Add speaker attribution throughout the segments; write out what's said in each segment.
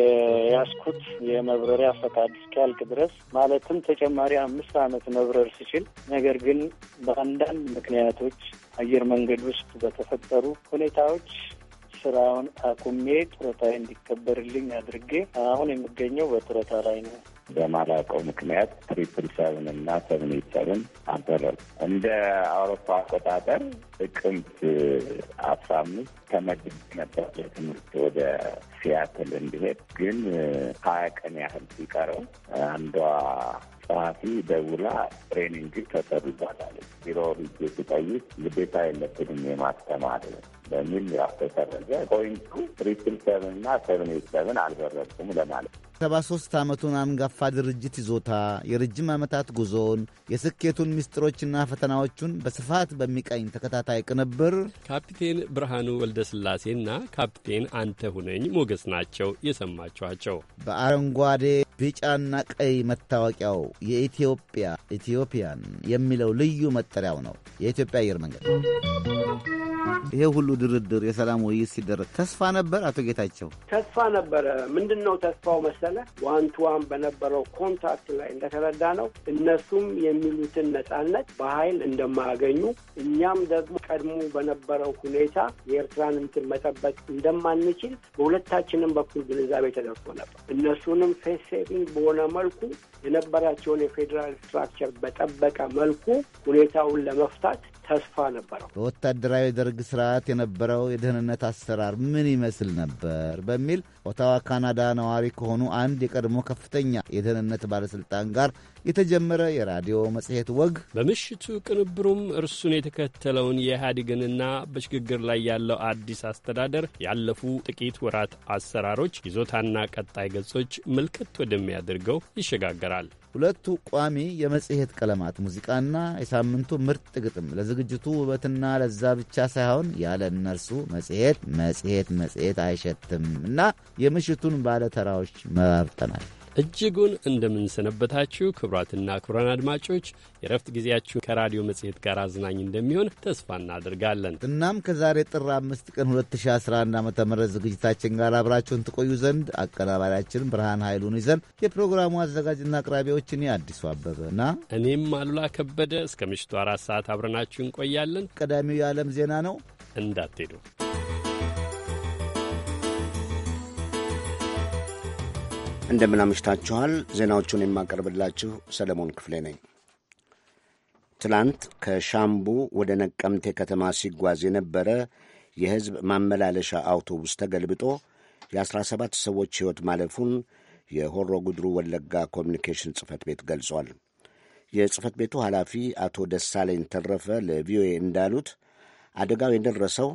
Speaker 1: የያዝኩት የመብረሪያ ፈቃድ እስኪያልቅ ድረስ ማለትም ተጨማሪ አምስት ዓመት መብረር ስችል፣ ነገር ግን በአንዳንድ ምክንያቶች አየር መንገድ ውስጥ በተፈጠሩ ሁኔታዎች ስራውን አቁሜ ጡረታ እንዲከበርልኝ አድርጌ አሁን የሚገኘው በጡረታ ላይ ነው።
Speaker 2: በማላውቀው ምክንያት ትሪፕል ሰብን እና ሰብን ሰብን አበረሩ። እንደ አውሮፓ አቆጣጠር ጥቅምት አስራ አምስት ተመድቤ ነበር ለትምህርት ወደ ሲያትል እንዲሄድ ግን ሀያ ቀን ያህል ሲቀረው አንዷ ጸሐፊ ደውላ ትሬኒንግ ተሰሩ ይባላል ቢሮ ሂጄ ስጠይቅ ግዴታ የለብንም የማስተማር በሚል ያው ተሰረዘ። ፖይንቱ ትሪፕል ሰቨን እና ሰቨን ኤት ሰቨን አልበረቁም ለማለት ነው።
Speaker 3: ሰባ ሶስት ዓመቱን አንጋፋ ድርጅት ይዞታ የረጅም ዓመታት ጉዞውን የስኬቱን ምስጢሮችና ፈተናዎቹን በስፋት በሚቀኝ ተከታታይ ቅንብር
Speaker 4: ካፕቴን ብርሃኑ ወልደ ስላሴና ካፕቴን አንተ ሁነኝ ሞገስ ናቸው የሰማችኋቸው።
Speaker 3: በአረንጓዴ ቢጫና ቀይ መታወቂያው የኢትዮጵያ ኢትዮጵያን የሚለው ልዩ መጠሪያው ነው የኢትዮጵያ አየር መንገድ ይሄ ሁሉ ድርድር የሰላም ውይይት ሲደረግ ተስፋ ነበር። አቶ ጌታቸው
Speaker 5: ተስፋ
Speaker 6: ነበረ። ምንድን ነው ተስፋው መሰለ? ዋን ቱ ዋን በነበረው ኮንታክት ላይ እንደተረዳ ነው እነሱም የሚሉትን ነጻነት በኃይል እንደማያገኙ እኛም ደግሞ ቀድሞ በነበረው ሁኔታ የኤርትራን እንትን መጠበቅ እንደማንችል በሁለታችንም በኩል ግንዛቤ ተደርጎ ነበር። እነሱንም ፌስ ሴቪንግ በሆነ መልኩ የነበራቸውን የፌዴራል ስትራክቸር በጠበቀ መልኩ ሁኔታውን ለመፍታት ተስፋ ነበረው።
Speaker 3: በወታደራዊ ደርግ ስርዓት የነበረው የደህንነት አሰራር ምን ይመስል ነበር በሚል ኦታዋ ካናዳ ነዋሪ ከሆኑ አንድ የቀድሞ ከፍተኛ የደህንነት ባለሥልጣን ጋር የተጀመረ የራዲዮ መጽሔት ወግ በምሽቱ
Speaker 4: ቅንብሩም እርሱን የተከተለውን የኢህአዴግንና በሽግግር ላይ ያለው አዲስ አስተዳደር ያለፉ ጥቂት ወራት አሰራሮች ይዞታና ቀጣይ ገጾች ምልክት ወደሚያደርገው ይሸጋገራል። ይናገራል።
Speaker 3: ሁለቱ ቋሚ የመጽሔት ቀለማት ሙዚቃና የሳምንቱ ምርጥ ግጥም ለዝግጅቱ ውበትና ለዛ ብቻ ሳይሆን ያለ እነርሱ መጽሔት መጽሔት መጽሔት አይሸትም እና የምሽቱን ባለተራዎች መራርጠናል።
Speaker 4: እጅጉን እንደምንሰነበታችሁ ክቡራትና ክቡራን አድማጮች የረፍት ጊዜያችሁ ከራዲዮ መጽሔት ጋር አዝናኝ እንደሚሆን ተስፋ
Speaker 3: እናደርጋለን። እናም ከዛሬ ጥር አምስት ቀን 2011 ዓ ም ዝግጅታችን ጋር አብራችሁን ትቆዩ ዘንድ አቀናባሪያችን ብርሃን ኃይሉን ይዘን የፕሮግራሙ አዘጋጅና አቅራቢዎችን እኔ አዲሱ አበበ እና
Speaker 4: እኔም አሉላ ከበደ እስከ ምሽቱ አራት ሰዓት አብረናችሁ እንቆያለን። ቀዳሚው
Speaker 3: የዓለም ዜና ነው፣
Speaker 7: እንዳትሄዱ። እንደምናምሽታችኋል ዜናዎቹን የማቀርብላችሁ ሰለሞን ክፍሌ ነኝ። ትላንት ከሻምቡ ወደ ነቀምቴ ከተማ ሲጓዝ የነበረ የሕዝብ ማመላለሻ አውቶቡስ ተገልብጦ የ17 ሰዎች ሕይወት ማለፉን የሆሮ ጉድሩ ወለጋ ኮሚኒኬሽን ጽፈት ቤት ገልጿል። የጽፈት ቤቱ ኃላፊ አቶ ደሳለኝ ተረፈ ለቪኦኤ እንዳሉት አደጋው የደረሰው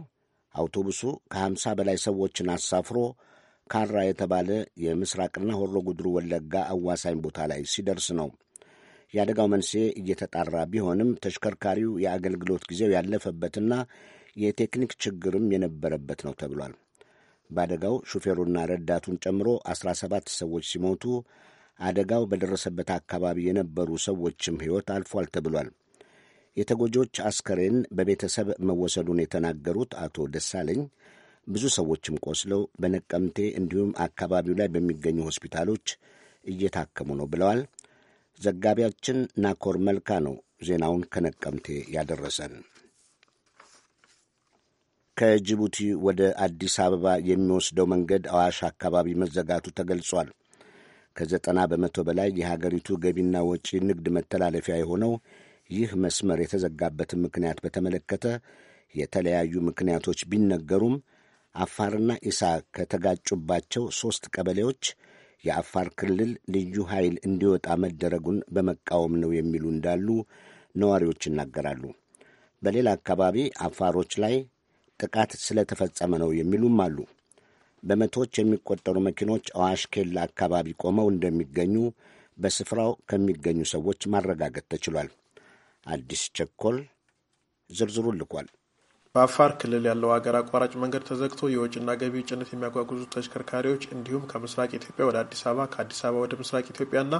Speaker 7: አውቶቡሱ ከ50 በላይ ሰዎችን አሳፍሮ ካራ የተባለ የምስራቅና ሆሮ ጉድሩ ወለጋ አዋሳኝ ቦታ ላይ ሲደርስ ነው። የአደጋው መንስኤ እየተጣራ ቢሆንም ተሽከርካሪው የአገልግሎት ጊዜው ያለፈበትና የቴክኒክ ችግርም የነበረበት ነው ተብሏል። በአደጋው ሹፌሩና ረዳቱን ጨምሮ 17 ሰዎች ሲሞቱ አደጋው በደረሰበት አካባቢ የነበሩ ሰዎችም ሕይወት አልፏል ተብሏል። የተጎጂዎች አስከሬን በቤተሰብ መወሰዱን የተናገሩት አቶ ደሳለኝ ብዙ ሰዎችም ቆስለው በነቀምቴ እንዲሁም አካባቢው ላይ በሚገኙ ሆስፒታሎች እየታከሙ ነው ብለዋል። ዘጋቢያችን ናኮር መልካ ነው ዜናውን ከነቀምቴ ያደረሰን። ከጅቡቲ ወደ አዲስ አበባ የሚወስደው መንገድ አዋሽ አካባቢ መዘጋቱ ተገልጿል። ከዘጠና በመቶ በላይ የሀገሪቱ ገቢና ወጪ ንግድ መተላለፊያ የሆነው ይህ መስመር የተዘጋበትን ምክንያት በተመለከተ የተለያዩ ምክንያቶች ቢነገሩም አፋርና ኢሳ ከተጋጩባቸው ሦስት ቀበሌዎች የአፋር ክልል ልዩ ኃይል እንዲወጣ መደረጉን በመቃወም ነው የሚሉ እንዳሉ ነዋሪዎች ይናገራሉ። በሌላ አካባቢ አፋሮች ላይ ጥቃት ስለተፈጸመ ነው የሚሉም አሉ። በመቶዎች የሚቆጠሩ መኪኖች አዋሽ ኬላ አካባቢ ቆመው እንደሚገኙ በስፍራው ከሚገኙ ሰዎች ማረጋገጥ ተችሏል። አዲስ ቸኮል ዝርዝሩ ልኳል።
Speaker 8: በአፋር ክልል ያለው ሀገር አቋራጭ መንገድ ተዘግቶ የወጪና ገቢ ጭነት የሚያጓጉዙ ተሽከርካሪዎች እንዲሁም ከምስራቅ ኢትዮጵያ ወደ አዲስ አበባ፣ ከአዲስ አበባ ወደ ምስራቅ ኢትዮጵያና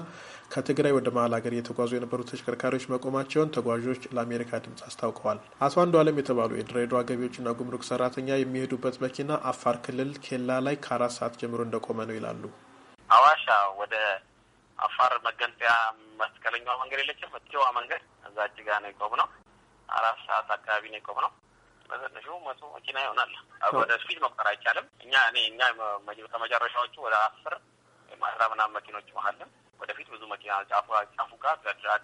Speaker 8: ከትግራይ ወደ መሀል ሀገር እየተጓዙ የነበሩ ተሽከርካሪዎች መቆማቸውን ተጓዦች ለአሜሪካ ድምጽ አስታውቀዋል። አቶ አንዱ አለም የተባሉ የድሬዳዋ ገቢዎችና ጉምሩክ ሰራተኛ የሚሄዱበት መኪና አፋር ክልል ኬላ ላይ ከአራት ሰዓት ጀምሮ እንደቆመ ነው ይላሉ።
Speaker 3: አዋሻ ወደ አፋር መገንጠያ መስቀለኛዋ
Speaker 1: መንገድ የለችም። እትዋ መንገድ እዛ እጅጋ ነው የቆም ነው። አራት ሰዓት አካባቢ ነው የቆም ነው በትንሹ መቶ መኪና ይሆናል። ወደፊት መቁጠር አይቻልም። እኛ እኔ እኛ ከመጨረሻዎቹ ወደ አስር ማስራ ምናም መኪኖች መሀልም ወደፊት ብዙ መኪና ጫፉ ጫፉ ጋር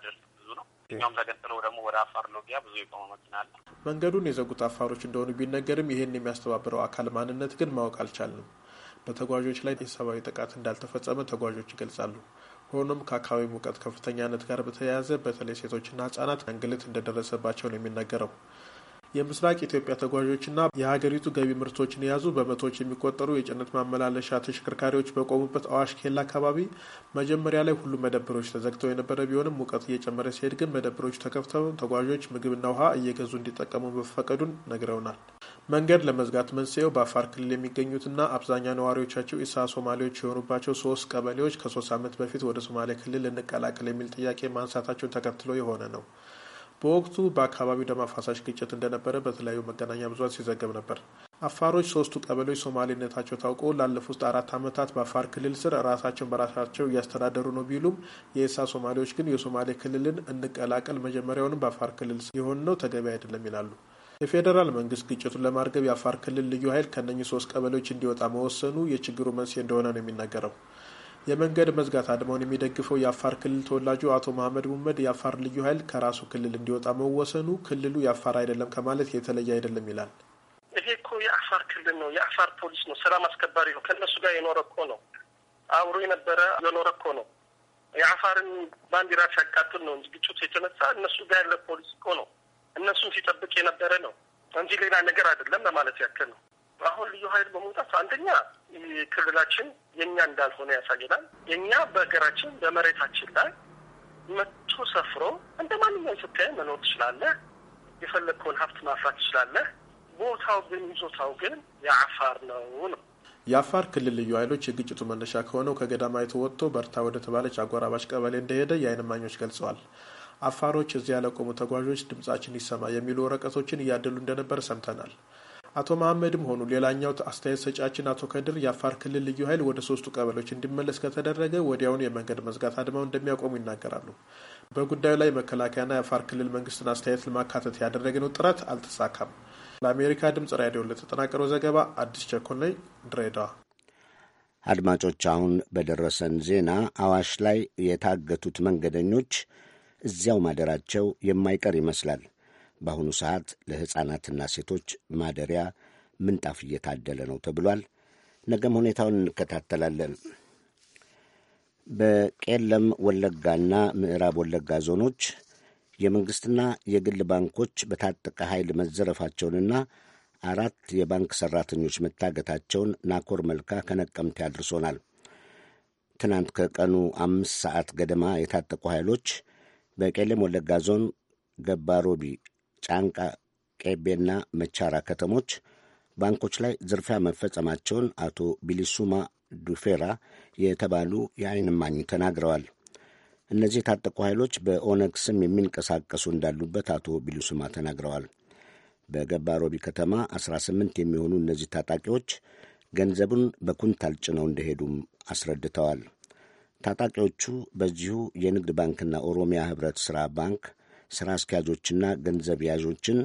Speaker 1: ድረስ ብዙ ነው። እኛውም ተገንጥሎ ደግሞ ወደ አፋር ሎጊያ ብዙ የቆመ መኪና አለ።
Speaker 8: መንገዱን የዘጉት አፋሮች እንደሆኑ ቢነገርም ይህን የሚያስተባብረው አካል ማንነት ግን ማወቅ አልቻልንም። በተጓዦች ላይ የሰብአዊ ጥቃት እንዳልተፈጸመ ተጓዦች ይገልጻሉ። ሆኖም ከአካባቢ ሙቀት ከፍተኛነት ጋር በተያያዘ በተለይ ሴቶችና ህጻናት እንግልት እንደደረሰባቸው ነው የሚነገረው። የምስራቅ ኢትዮጵያ ተጓዦችና የሀገሪቱ ገቢ ምርቶችን የያዙ በመቶዎች የሚቆጠሩ የጭነት ማመላለሻ ተሽከርካሪዎች በቆሙበት አዋሽ ኬላ አካባቢ መጀመሪያ ላይ ሁሉም መደብሮች ተዘግተው የነበረ ቢሆንም ሙቀት እየጨመረ ሲሄድ ግን መደብሮቹ ተከፍተው ተጓዦች ምግብና ውሃ እየገዙ እንዲጠቀሙ መፈቀዱን ነግረውናል። መንገድ ለመዝጋት መንስኤው በአፋር ክልል የሚገኙትና አብዛኛው ነዋሪዎቻቸው ኢሳ ሶማሌዎች የሆኑባቸው ሶስት ቀበሌዎች ከሶስት ዓመት በፊት ወደ ሶማሌ ክልል እንቀላቀል የሚል ጥያቄ ማንሳታቸውን ተከትሎ የሆነ ነው። በወቅቱ በአካባቢው ደም አፋሳሽ ግጭት እንደነበረ በተለያዩ መገናኛ ብዙኃን ሲዘገብ ነበር። አፋሮች ሶስቱ ቀበሌዎች ሶማሌነታቸው ታውቆ ላለፉት አራት ዓመታት በአፋር ክልል ስር ራሳቸውን በራሳቸው እያስተዳደሩ ነው ቢሉም የኢሳ ሶማሌዎች ግን የሶማሌ ክልልን እንቀላቀል መጀመሪያውንም በአፋር ክልል የሆን ነው ተገቢ አይደለም ይላሉ። የፌዴራል መንግስት ግጭቱን ለማርገብ የአፋር ክልል ልዩ ኃይል ከነኚህ ሶስት ቀበሌዎች እንዲወጣ መወሰኑ የችግሩ መንስኤ እንደሆነ ነው የሚናገረው። የመንገድ መዝጋት አድማውን የሚደግፈው የአፋር ክልል ተወላጁ አቶ መሀመድ ሙመድ የአፋር ልዩ ኃይል ከራሱ ክልል እንዲወጣ መወሰኑ ክልሉ የአፋር አይደለም ከማለት የተለየ አይደለም ይላል።
Speaker 6: ይሄ እኮ የአፋር ክልል ነው፣ የአፋር ፖሊስ ነው፣ ሰላም አስከባሪ ነው። ከእነሱ ጋር የኖረ እኮ ነው፣ አብሮ የነበረ የኖረ እኮ ነው። የአፋርን ባንዲራ ሲያቃጥል ነው እንጂ ግጭቱ የተነሳ እነሱ ጋር ያለ ፖሊስ እኮ ነው፣ እነሱን ሲጠብቅ የነበረ ነው እንጂ ሌላ ነገር አይደለም ለማለት ያክል ነው። አሁን ልዩ ኃይል በመውጣት አንደኛ ክልላችን የእኛ እንዳልሆነ ያሳየናል። የእኛ በሀገራችን በመሬታችን ላይ መቶ ሰፍሮ እንደ ማንኛውም ኢትዮጵያዊ መኖር ትችላለህ። የፈለግከውን ሀብት ማፍራት ትችላለህ።
Speaker 8: ቦታው ግን ይዞታው ግን የአፋር ነው ነው የአፋር ክልል ልዩ ኃይሎች የግጭቱ መነሻ ከሆነው ከገዳማይቱ ወጥቶ በርታ ወደ ተባለች አጎራባች ቀበሌ እንደሄደ የዓይን እማኞች ገልጸዋል። አፋሮች እዚያ ያለቆሙ ተጓዦች ድምጻችን ይሰማ የሚሉ ወረቀቶችን እያደሉ እንደነበር ሰምተናል። አቶ መሀመድም ሆኑ ሌላኛው አስተያየት ሰጫችን አቶ ከድር የአፋር ክልል ልዩ ኃይል ወደ ሶስቱ ቀበሌዎች እንዲመለስ ከተደረገ ወዲያውኑ የመንገድ መዝጋት አድማው እንደሚያቆሙ ይናገራሉ። በጉዳዩ ላይ መከላከያና የአፋር ክልል መንግስትን አስተያየት ለማካተት ያደረግነው ጥረት አልተሳካም። ለአሜሪካ ድምጽ ራዲዮ ለተጠናቀረው ዘገባ አዲስ ቸኮል ድሬዳ ድሬዳዋ።
Speaker 7: አድማጮች፣ አሁን በደረሰን ዜና አዋሽ ላይ የታገቱት መንገደኞች እዚያው ማደራቸው የማይቀር ይመስላል። በአሁኑ ሰዓት ለሕፃናትና ሴቶች ማደሪያ ምንጣፍ እየታደለ ነው ተብሏል። ነገም ሁኔታውን እንከታተላለን። በቄለም ወለጋና ምዕራብ ወለጋ ዞኖች የመንግሥትና የግል ባንኮች በታጠቀ ኃይል መዘረፋቸውንና አራት የባንክ ሠራተኞች መታገታቸውን ናኮር መልካ ከነቀምቴ አድርሶናል። ትናንት ከቀኑ አምስት ሰዓት ገደማ የታጠቁ ኃይሎች በቄለም ወለጋ ዞን ገባሮቢ ጫንቃ፣ ቄቤና መቻራ ከተሞች ባንኮች ላይ ዝርፊያ መፈጸማቸውን አቶ ቢሊሱማ ዱፌራ የተባሉ የአይን እማኝ ተናግረዋል። እነዚህ የታጠቁ ኃይሎች በኦነግ ስም የሚንቀሳቀሱ እንዳሉበት አቶ ቢሊሱማ ተናግረዋል። በገባሮቢ ከተማ 18 የሚሆኑ እነዚህ ታጣቂዎች ገንዘቡን በኩንታል ጭነው እንደሄዱም አስረድተዋል። ታጣቂዎቹ በዚሁ የንግድ ባንክና ኦሮሚያ ህብረት ሥራ ባንክ ሥራ አስኪያጆችና ገንዘብ ያዦችን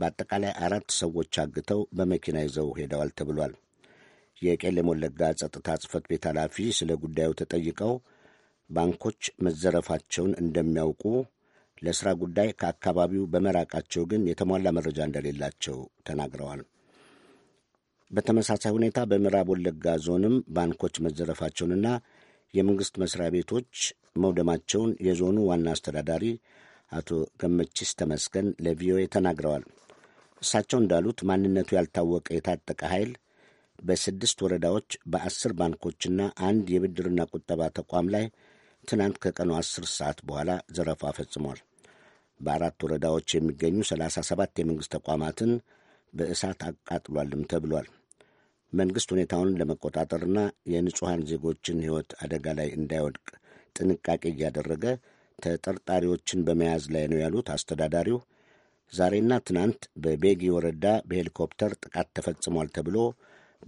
Speaker 7: በአጠቃላይ አራት ሰዎች አግተው በመኪና ይዘው ሄደዋል ተብሏል። የቄለም ወለጋ ጸጥታ ጽሕፈት ቤት ኃላፊ ስለ ጉዳዩ ተጠይቀው ባንኮች መዘረፋቸውን እንደሚያውቁ ለሥራ ጉዳይ ከአካባቢው በመራቃቸው ግን የተሟላ መረጃ እንደሌላቸው ተናግረዋል። በተመሳሳይ ሁኔታ በምዕራብ ወለጋ ዞንም ባንኮች መዘረፋቸውንና የመንግሥት መሥሪያ ቤቶች መውደማቸውን የዞኑ ዋና አስተዳዳሪ አቶ ገመችስ ተመስገን ለቪኦኤ ተናግረዋል። እሳቸው እንዳሉት ማንነቱ ያልታወቀ የታጠቀ ኃይል በስድስት ወረዳዎች በአስር ባንኮችና አንድ የብድርና ቁጠባ ተቋም ላይ ትናንት ከቀኑ አስር ሰዓት በኋላ ዘረፋ ፈጽሟል። በአራት ወረዳዎች የሚገኙ ሰላሳ ሰባት የመንግሥት ተቋማትን በእሳት አቃጥሏልም ተብሏል። መንግሥት ሁኔታውን ለመቆጣጠርና የንጹሐን ዜጎችን ሕይወት አደጋ ላይ እንዳይወድቅ ጥንቃቄ እያደረገ ተጠርጣሪዎችን በመያዝ ላይ ነው ያሉት አስተዳዳሪው ዛሬና ትናንት በቤጊ ወረዳ በሄሊኮፕተር ጥቃት ተፈጽሟል ተብሎ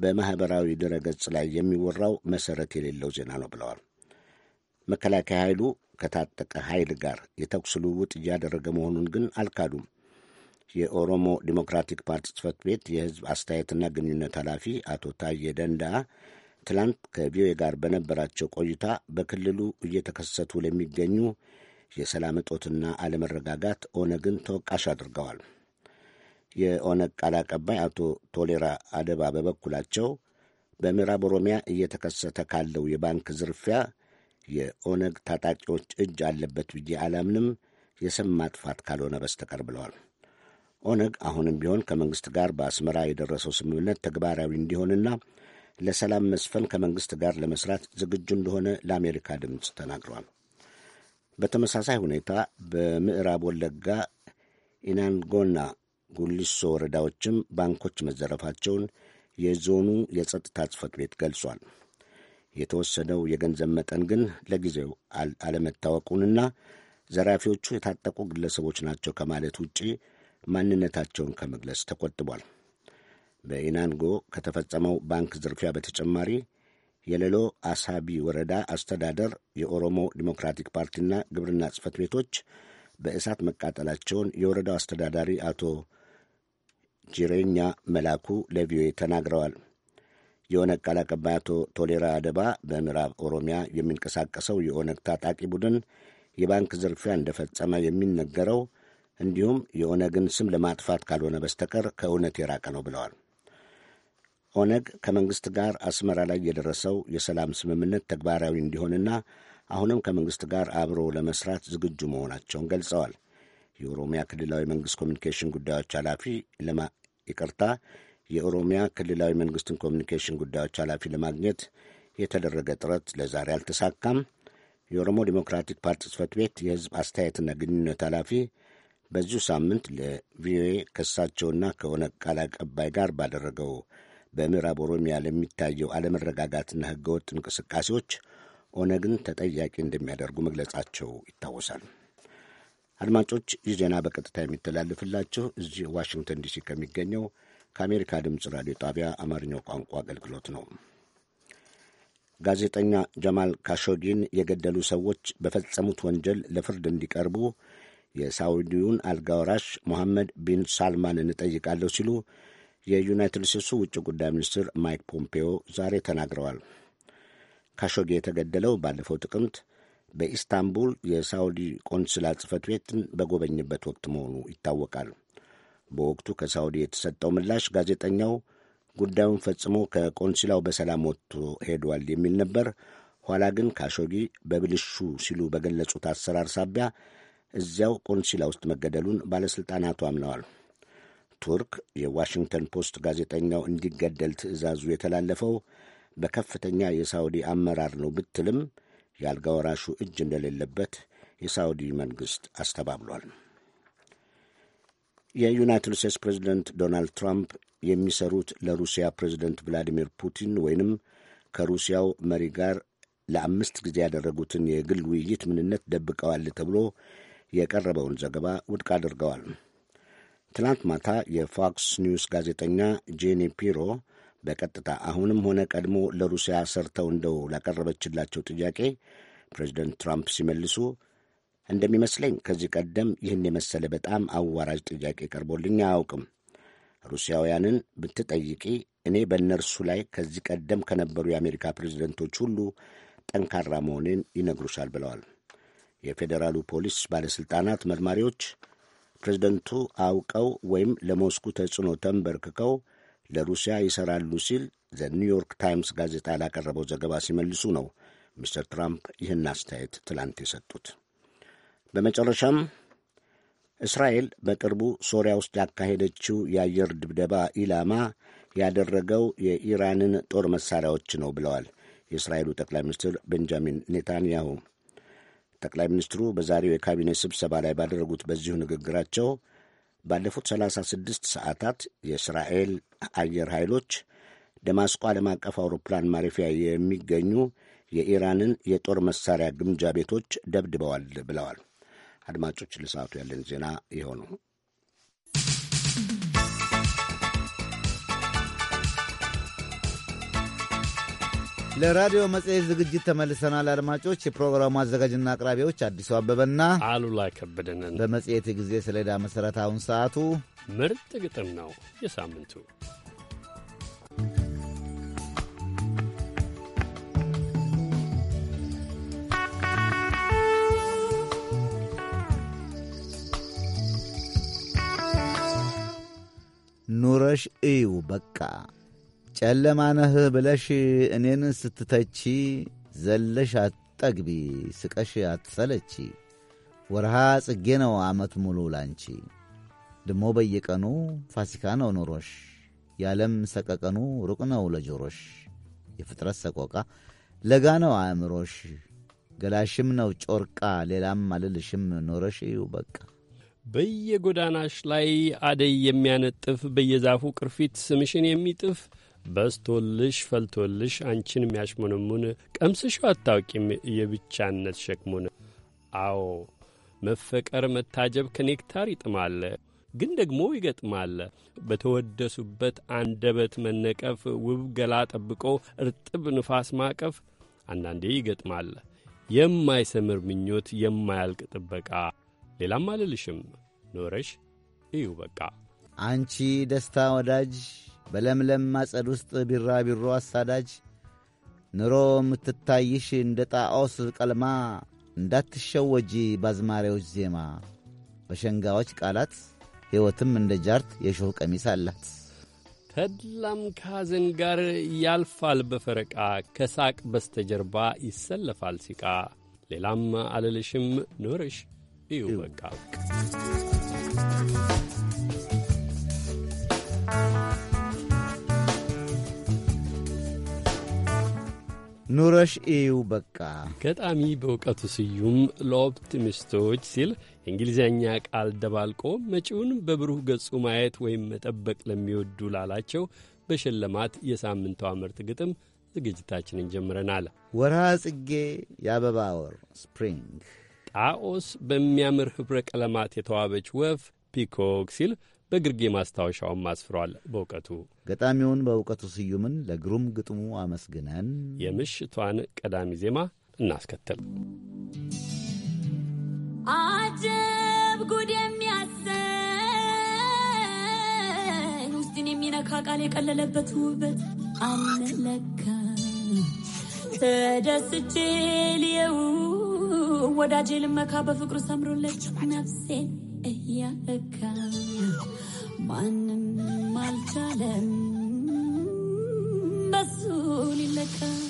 Speaker 7: በማኅበራዊ ድረገጽ ላይ የሚወራው መሠረት የሌለው ዜና ነው ብለዋል። መከላከያ ኃይሉ ከታጠቀ ኃይል ጋር የተኩስ ልውውጥ እያደረገ መሆኑን ግን አልካዱም። የኦሮሞ ዲሞክራቲክ ፓርቲ ጽህፈት ቤት የሕዝብ አስተያየትና ግንኙነት ኃላፊ አቶ ታዬ ደንዳ ትላንት ከቪኦኤ ጋር በነበራቸው ቆይታ በክልሉ እየተከሰቱ ለሚገኙ የሰላም እጦትና አለመረጋጋት ኦነግን ተወቃሽ አድርገዋል። የኦነግ ቃል አቀባይ አቶ ቶሌራ አደባ በበኩላቸው በምዕራብ ኦሮሚያ እየተከሰተ ካለው የባንክ ዝርፊያ የኦነግ ታጣቂዎች እጅ አለበት ብዬ አላምንም፣ የስም ማጥፋት ካልሆነ በስተቀር ብለዋል። ኦነግ አሁንም ቢሆን ከመንግሥት ጋር በአስመራ የደረሰው ስምምነት ተግባራዊ እንዲሆንና ለሰላም መስፈን ከመንግሥት ጋር ለመስራት ዝግጁ እንደሆነ ለአሜሪካ ድምፅ ተናግረዋል። በተመሳሳይ ሁኔታ በምዕራብ ወለጋ ኢናንጎና ጉሊሶ ወረዳዎችም ባንኮች መዘረፋቸውን የዞኑ የጸጥታ ጽሕፈት ቤት ገልጿል። የተወሰደው የገንዘብ መጠን ግን ለጊዜው አለመታወቁንና ዘራፊዎቹ የታጠቁ ግለሰቦች ናቸው ከማለት ውጪ ማንነታቸውን ከመግለጽ ተቆጥቧል። በኢናንጎ ከተፈጸመው ባንክ ዝርፊያ በተጨማሪ የሌሎ አሳቢ ወረዳ አስተዳደር የኦሮሞ ዲሞክራቲክ ፓርቲና ግብርና ጽፈት ቤቶች በእሳት መቃጠላቸውን የወረዳው አስተዳዳሪ አቶ ጅሬኛ መላኩ ለቪኦኤ ተናግረዋል። የኦነግ ቃል አቀባይ አቶ ቶሌራ አደባ በምዕራብ ኦሮሚያ የሚንቀሳቀሰው የኦነግ ታጣቂ ቡድን የባንክ ዝርፊያ እንደፈጸመ የሚነገረው እንዲሁም የኦነግን ስም ለማጥፋት ካልሆነ በስተቀር ከእውነት የራቀ ነው ብለዋል። ኦነግ ከመንግሥት ጋር አስመራ ላይ የደረሰው የሰላም ስምምነት ተግባራዊ እንዲሆንና አሁንም ከመንግሥት ጋር አብሮ ለመስራት ዝግጁ መሆናቸውን ገልጸዋል። የኦሮሚያ ክልላዊ መንግሥት ኮሚኒኬሽን ጉዳዮች ኃላፊ ለማ ይቅርታ፣ የኦሮሚያ ክልላዊ መንግሥትን ኮሚኒኬሽን ጉዳዮች ኃላፊ ለማግኘት የተደረገ ጥረት ለዛሬ አልተሳካም። የኦሮሞ ዴሞክራቲክ ፓርቲ ጽህፈት ቤት የሕዝብ አስተያየትና ግንኙነት ኃላፊ በዚሁ ሳምንት ለቪኦኤ ከሳቸውና ከኦነግ ቃል አቀባይ ጋር ባደረገው በምዕራብ ኦሮሚያ ለሚታየው አለመረጋጋትና ህገወጥ እንቅስቃሴዎች ኦነግን ተጠያቂ እንደሚያደርጉ መግለጻቸው ይታወሳል። አድማጮች ይህ ዜና በቀጥታ የሚተላለፍላችሁ እዚህ ዋሽንግተን ዲሲ ከሚገኘው ከአሜሪካ ድምፅ ራዲዮ ጣቢያ አማርኛው ቋንቋ አገልግሎት ነው። ጋዜጠኛ ጀማል ካሾጊን የገደሉ ሰዎች በፈጸሙት ወንጀል ለፍርድ እንዲቀርቡ የሳውዲውን አልጋወራሽ ሞሐመድ ቢን ሳልማን እንጠይቃለሁ ሲሉ የዩናይትድ ስቴትሱ ውጭ ጉዳይ ሚኒስትር ማይክ ፖምፔዮ ዛሬ ተናግረዋል። ካሾጌ የተገደለው ባለፈው ጥቅምት በኢስታንቡል የሳውዲ ቆንስላ ጽህፈት ቤትን በጎበኝበት ወቅት መሆኑ ይታወቃል። በወቅቱ ከሳውዲ የተሰጠው ምላሽ ጋዜጠኛው ጉዳዩን ፈጽሞ ከቆንስላው በሰላም ወጥቶ ሄዷል የሚል ነበር። ኋላ ግን ካሾጊ በብልሹ ሲሉ በገለጹት አሰራር ሳቢያ እዚያው ቆንሲላ ውስጥ መገደሉን ባለሥልጣናቱ አምነዋል። ቱርክ የዋሽንግተን ፖስት ጋዜጠኛው እንዲገደል ትዕዛዙ የተላለፈው በከፍተኛ የሳውዲ አመራር ነው ብትልም የአልጋ ወራሹ እጅ እንደሌለበት የሳውዲ መንግሥት አስተባብሏል። የዩናይትድ ስቴትስ ፕሬዚደንት ዶናልድ ትራምፕ የሚሰሩት ለሩሲያ ፕሬዚደንት ቭላዲሚር ፑቲን ወይንም ከሩሲያው መሪ ጋር ለአምስት ጊዜ ያደረጉትን የግል ውይይት ምንነት ደብቀዋል ተብሎ የቀረበውን ዘገባ ውድቅ አድርገዋል። ትናንት ማታ የፎክስ ኒውስ ጋዜጠኛ ጄኒ ፒሮ በቀጥታ አሁንም ሆነ ቀድሞ ለሩሲያ ሰርተው እንደው ላቀረበችላቸው ጥያቄ ፕሬዚደንት ትራምፕ ሲመልሱ እንደሚመስለኝ ከዚህ ቀደም ይህን የመሰለ በጣም አዋራጅ ጥያቄ ቀርቦልኝ አያውቅም። ሩሲያውያንን ብትጠይቂ እኔ በእነርሱ ላይ ከዚህ ቀደም ከነበሩ የአሜሪካ ፕሬዚደንቶች ሁሉ ጠንካራ መሆኔን ይነግሩሻል ብለዋል። የፌዴራሉ ፖሊስ ባለሥልጣናት መርማሪዎች ፕሬዝደንቱ አውቀው ወይም ለሞስኩ ተጽዕኖ ተንበርክከው ለሩሲያ ይሰራሉ ሲል ዘ ኒውዮርክ ታይምስ ጋዜጣ ላቀረበው ዘገባ ሲመልሱ ነው ሚስተር ትራምፕ ይህን አስተያየት ትላንት የሰጡት። በመጨረሻም እስራኤል በቅርቡ ሶሪያ ውስጥ ያካሄደችው የአየር ድብደባ ኢላማ ያደረገው የኢራንን ጦር መሳሪያዎች ነው ብለዋል የእስራኤሉ ጠቅላይ ሚኒስትር ቤንጃሚን ኔታንያሁ። ጠቅላይ ሚኒስትሩ በዛሬው የካቢኔ ስብሰባ ላይ ባደረጉት በዚሁ ንግግራቸው ባለፉት 36 ሰዓታት የእስራኤል አየር ኃይሎች ደማስቆ ዓለም አቀፍ አውሮፕላን ማረፊያ የሚገኙ የኢራንን የጦር መሳሪያ ግምጃ ቤቶች ደብድበዋል ብለዋል። አድማጮች፣ ለሰዓቱ ያለን ዜና ይኸው ነው።
Speaker 3: ለራዲዮ መጽሔት ዝግጅት ተመልሰናል። አድማጮች፣ የፕሮግራሙ አዘጋጅና አቅራቢዎች አዲሱ አበበና አሉላ ከበደንን በመጽሔት ጊዜ ሰሌዳ መሠረት አሁን ሰዓቱ
Speaker 4: ምርጥ ግጥም ነው። የሳምንቱ
Speaker 3: ኑረሽ እዩ በቃ ጨለማነህ ብለሽ እኔን ስትተቺ ዘለሽ አትጠግቢ ስቀሽ አትሰለቺ። ወርሃ ጽጌ ነው ዓመት ሙሉ ላንቺ ድሞ በየቀኑ ፋሲካ ነው ኑሮሽ። የዓለም ሰቀቀኑ ሩቅ ነው ለጆሮሽ። የፍጥረት ሰቆቃ ለጋ ነው አእምሮሽ። ገላሽም ነው ጮርቃ ሌላም አልልሽም ኖረሽ በቃ።
Speaker 4: በየጎዳናሽ ላይ አደይ የሚያነጥፍ በየዛፉ ቅርፊት ስምሽን የሚጥፍ በስቶልሽ ፈልቶልሽ አንቺን የሚያሽሙንሙን ቀምስሽው አታውቂም የብቻነት ሸክሙን። አዎ መፈቀር መታጀብ ከኔክታር ይጥማል፣ ግን ደግሞ ይገጥማል። በተወደሱበት አንደበት መነቀፍ ውብ ገላ ጠብቆ እርጥብ ንፋስ ማቀፍ አንዳንዴ ይገጥማል። የማይሰምር ምኞት የማያልቅ ጥበቃ ሌላም አልልሽም ኖረሽ እዩ በቃ
Speaker 3: አንቺ ደስታ ወዳጅ በለምለም ማጸድ ውስጥ ቢራቢሮ አሳዳጅ ኑሮ የምትታይሽ እንደ ጣዖስ ቀልማ እንዳትሸወጂ ባዝማሪዎች ዜማ በሸንጋዎች ቃላት ሕይወትም እንደ ጃርት የሾህ ቀሚስ አላት።
Speaker 4: ተድላም ካዘን ጋር ያልፋል በፈረቃ ከሳቅ በስተጀርባ ይሰለፋል ሲቃ ሌላም አለልሽም ኖርሽ እዩ በቃ ኑረሽ እዩ በቃ። ገጣሚ በእውቀቱ ስዩም ለኦፕቲሚስቶች ሲል የእንግሊዝኛ ቃል ደባልቆ መጪውን በብሩህ ገጹ ማየት ወይም መጠበቅ ለሚወዱ ላላቸው በሽልማት የሳምንቷ ምርጥ ግጥም ዝግጅታችንን ጀምረናል።
Speaker 3: ወርሃ ጽጌ የአበባ ወር ስፕሪንግ
Speaker 4: ጣዖስ በሚያምር ኅብረ ቀለማት የተዋበች ወፍ ፒኮክ ሲል በግርጌ ማስታወሻውን አስፍሯል።
Speaker 3: በእውቀቱ ገጣሚውን በእውቀቱ ስዩምን ለግሩም ግጥሙ አመስግነን የምሽቷን ቀዳሚ ዜማ እናስከትል።
Speaker 5: አጀብ ጉድ የሚያሰኝ ውስጥን የሚነካ ቃል የቀለለበት ውበት አለለካ ተደስቼ ልየው ወዳጄ ልመካ በፍቅሩ ሰምሮለች ነፍሴን እያለካ ማንም አልቻለም በሱ ይለካል።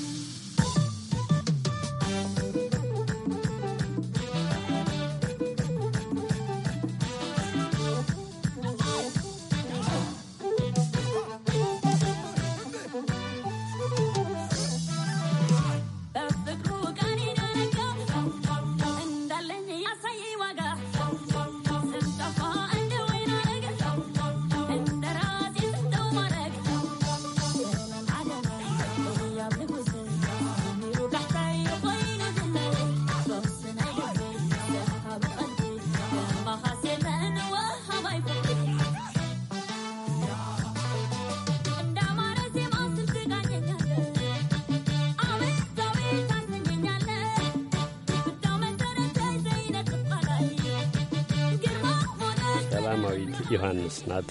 Speaker 4: ዮሐንስ ናት።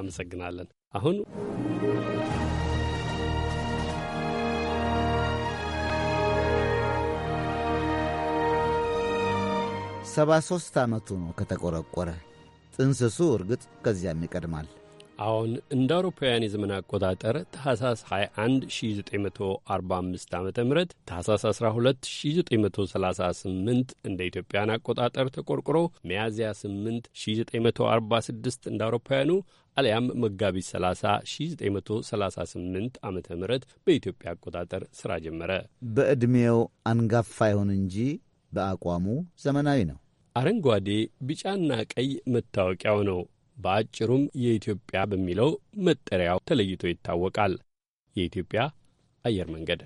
Speaker 4: አመሰግናለን።
Speaker 3: አሁን ሰባ ሦስት ዓመቱ ነው ከተቆረቆረ። ጥንስሱ እርግጥ ከዚያም ይቀድማል።
Speaker 4: አሁን እንደ አውሮፓውያን የዘመን አቆጣጠር ታህሳስ 21 1945 ዓ ም ታህሳስ 12 1938 እንደ ኢትዮጵያን አቆጣጠር ተቆርቁሮ ሚያዝያ 8 1946 እንደ አውሮፓውያኑ አሊያም መጋቢት 30 1938 ዓ ም በኢትዮጵያ አቆጣጠር ሥራ ጀመረ።
Speaker 3: በዕድሜው አንጋፋ ይሁን እንጂ በአቋሙ ዘመናዊ ነው።
Speaker 4: አረንጓዴ ቢጫና ቀይ መታወቂያው ነው። በአጭሩም የኢትዮጵያ በሚለው መጠሪያው ተለይቶ ይታወቃል። የኢትዮጵያ አየር መንገድ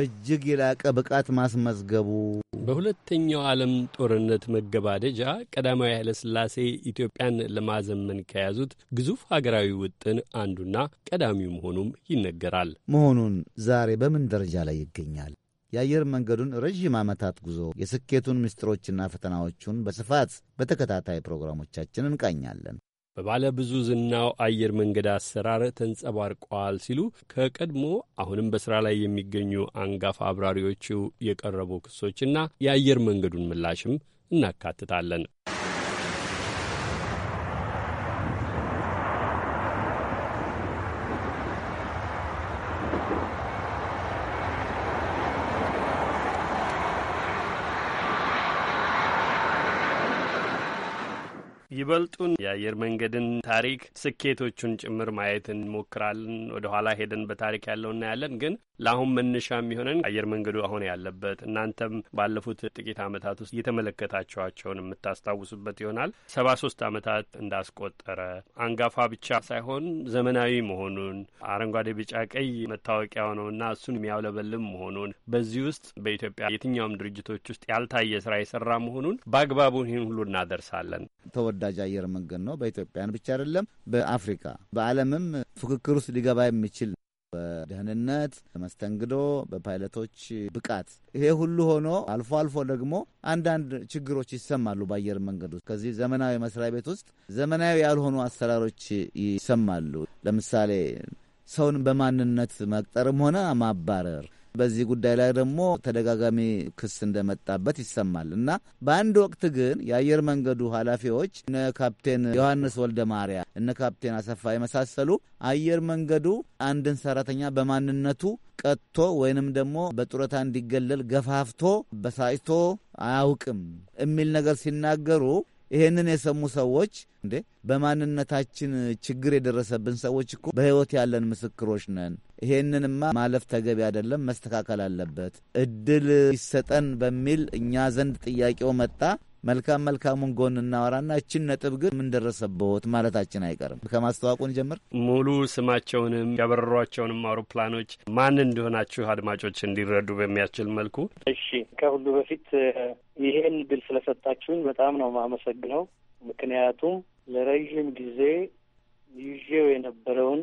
Speaker 6: እጅግ
Speaker 3: የላቀ ብቃት ማስመዝገቡ
Speaker 4: በሁለተኛው ዓለም ጦርነት መገባደጃ ቀዳማዊ ኃይለ ሥላሴ ኢትዮጵያን ለማዘመን ከያዙት ግዙፍ ሀገራዊ ውጥን አንዱና ቀዳሚው መሆኑም ይነገራል።
Speaker 3: መሆኑን ዛሬ በምን ደረጃ ላይ ይገኛል? የአየር መንገዱን ረዥም ዓመታት ጉዞ የስኬቱን ምስጢሮችና ፈተናዎቹን በስፋት በተከታታይ ፕሮግራሞቻችን እንቃኛለን።
Speaker 4: በባለ ብዙ ዝናው አየር መንገድ አሰራር ተንጸባርቋል ሲሉ ከቀድሞ አሁንም በስራ ላይ የሚገኙ አንጋፋ አብራሪዎቹ የቀረቡ ክሶችና የአየር መንገዱን ምላሽም እናካትታለን። ይበልጡን የአየር መንገድን ታሪክ ስኬቶቹን ጭምር ማየት እንሞክራለን። ወደ ኋላ ሄደን በታሪክ ያለው እናያለን። ግን ለአሁን መነሻ የሚሆነን አየር መንገዱ አሁን ያለበት እናንተም ባለፉት ጥቂት ዓመታት ውስጥ እየተመለከታችኋቸውን የምታስታውሱበት ይሆናል። ሰባ ሶስት አመታት እንዳስቆጠረ አንጋፋ ብቻ ሳይሆን ዘመናዊ መሆኑን አረንጓዴ፣ ቢጫ፣ ቀይ መታወቂያ ነውና እሱን የሚያውለበልም መሆኑን በዚህ ውስጥ በኢትዮጵያ የትኛውም ድርጅቶች ውስጥ ያልታየ ስራ የሰራ መሆኑን በአግባቡ ይህን ሁሉ
Speaker 3: እናደርሳለን። ተወዳጅ አየር መንገድ ነው። በኢትዮጵያን ብቻ አይደለም፣ በአፍሪካ በዓለምም ፉክክር ውስጥ ሊገባ የሚችል በደህንነት መስተንግዶ፣ በፓይለቶች ብቃት ይሄ ሁሉ ሆኖ አልፎ አልፎ ደግሞ አንዳንድ ችግሮች ይሰማሉ። በአየር መንገድ ውስጥ ከዚህ ዘመናዊ መስሪያ ቤት ውስጥ ዘመናዊ ያልሆኑ አሰራሮች ይሰማሉ። ለምሳሌ ሰውን በማንነት መቅጠርም ሆነ ማባረር በዚህ ጉዳይ ላይ ደግሞ ተደጋጋሚ ክስ እንደመጣበት ይሰማል እና በአንድ ወቅት ግን የአየር መንገዱ ኃላፊዎች እነ ካፕቴን ዮሐንስ ወልደ ማርያ እነ ካፕቴን አሰፋ የመሳሰሉ አየር መንገዱ አንድን ሰራተኛ በማንነቱ ቀጥቶ ወይንም ደግሞ በጡረታ እንዲገለል ገፋፍቶ በሳጭቶ አያውቅም የሚል ነገር ሲናገሩ ይሄንን የሰሙ ሰዎች እንዴ በማንነታችን ችግር የደረሰብን ሰዎች እኮ በሕይወት ያለን ምስክሮች ነን ይሄንንማ ማለፍ ተገቢ አይደለም፣ መስተካከል አለበት፣ እድል ይሰጠን በሚል እኛ ዘንድ ጥያቄው መጣ። መልካም መልካሙን ጎን እናወራና እችን ነጥብ ግን የምንደረሰበት ማለታችን አይቀርም። ከማስተዋወቁን ጀምር ሙሉ
Speaker 4: ስማቸውንም ያበረሯቸውንም አውሮፕላኖች ማን እንደሆናችሁ አድማጮች እንዲረዱ በሚያስችል መልኩ።
Speaker 1: እሺ፣ ከሁሉ በፊት ይሄን እድል ስለሰጣችሁኝ በጣም ነው የማመሰግነው። ምክንያቱም ለረዥም ጊዜ ይዤው የነበረውን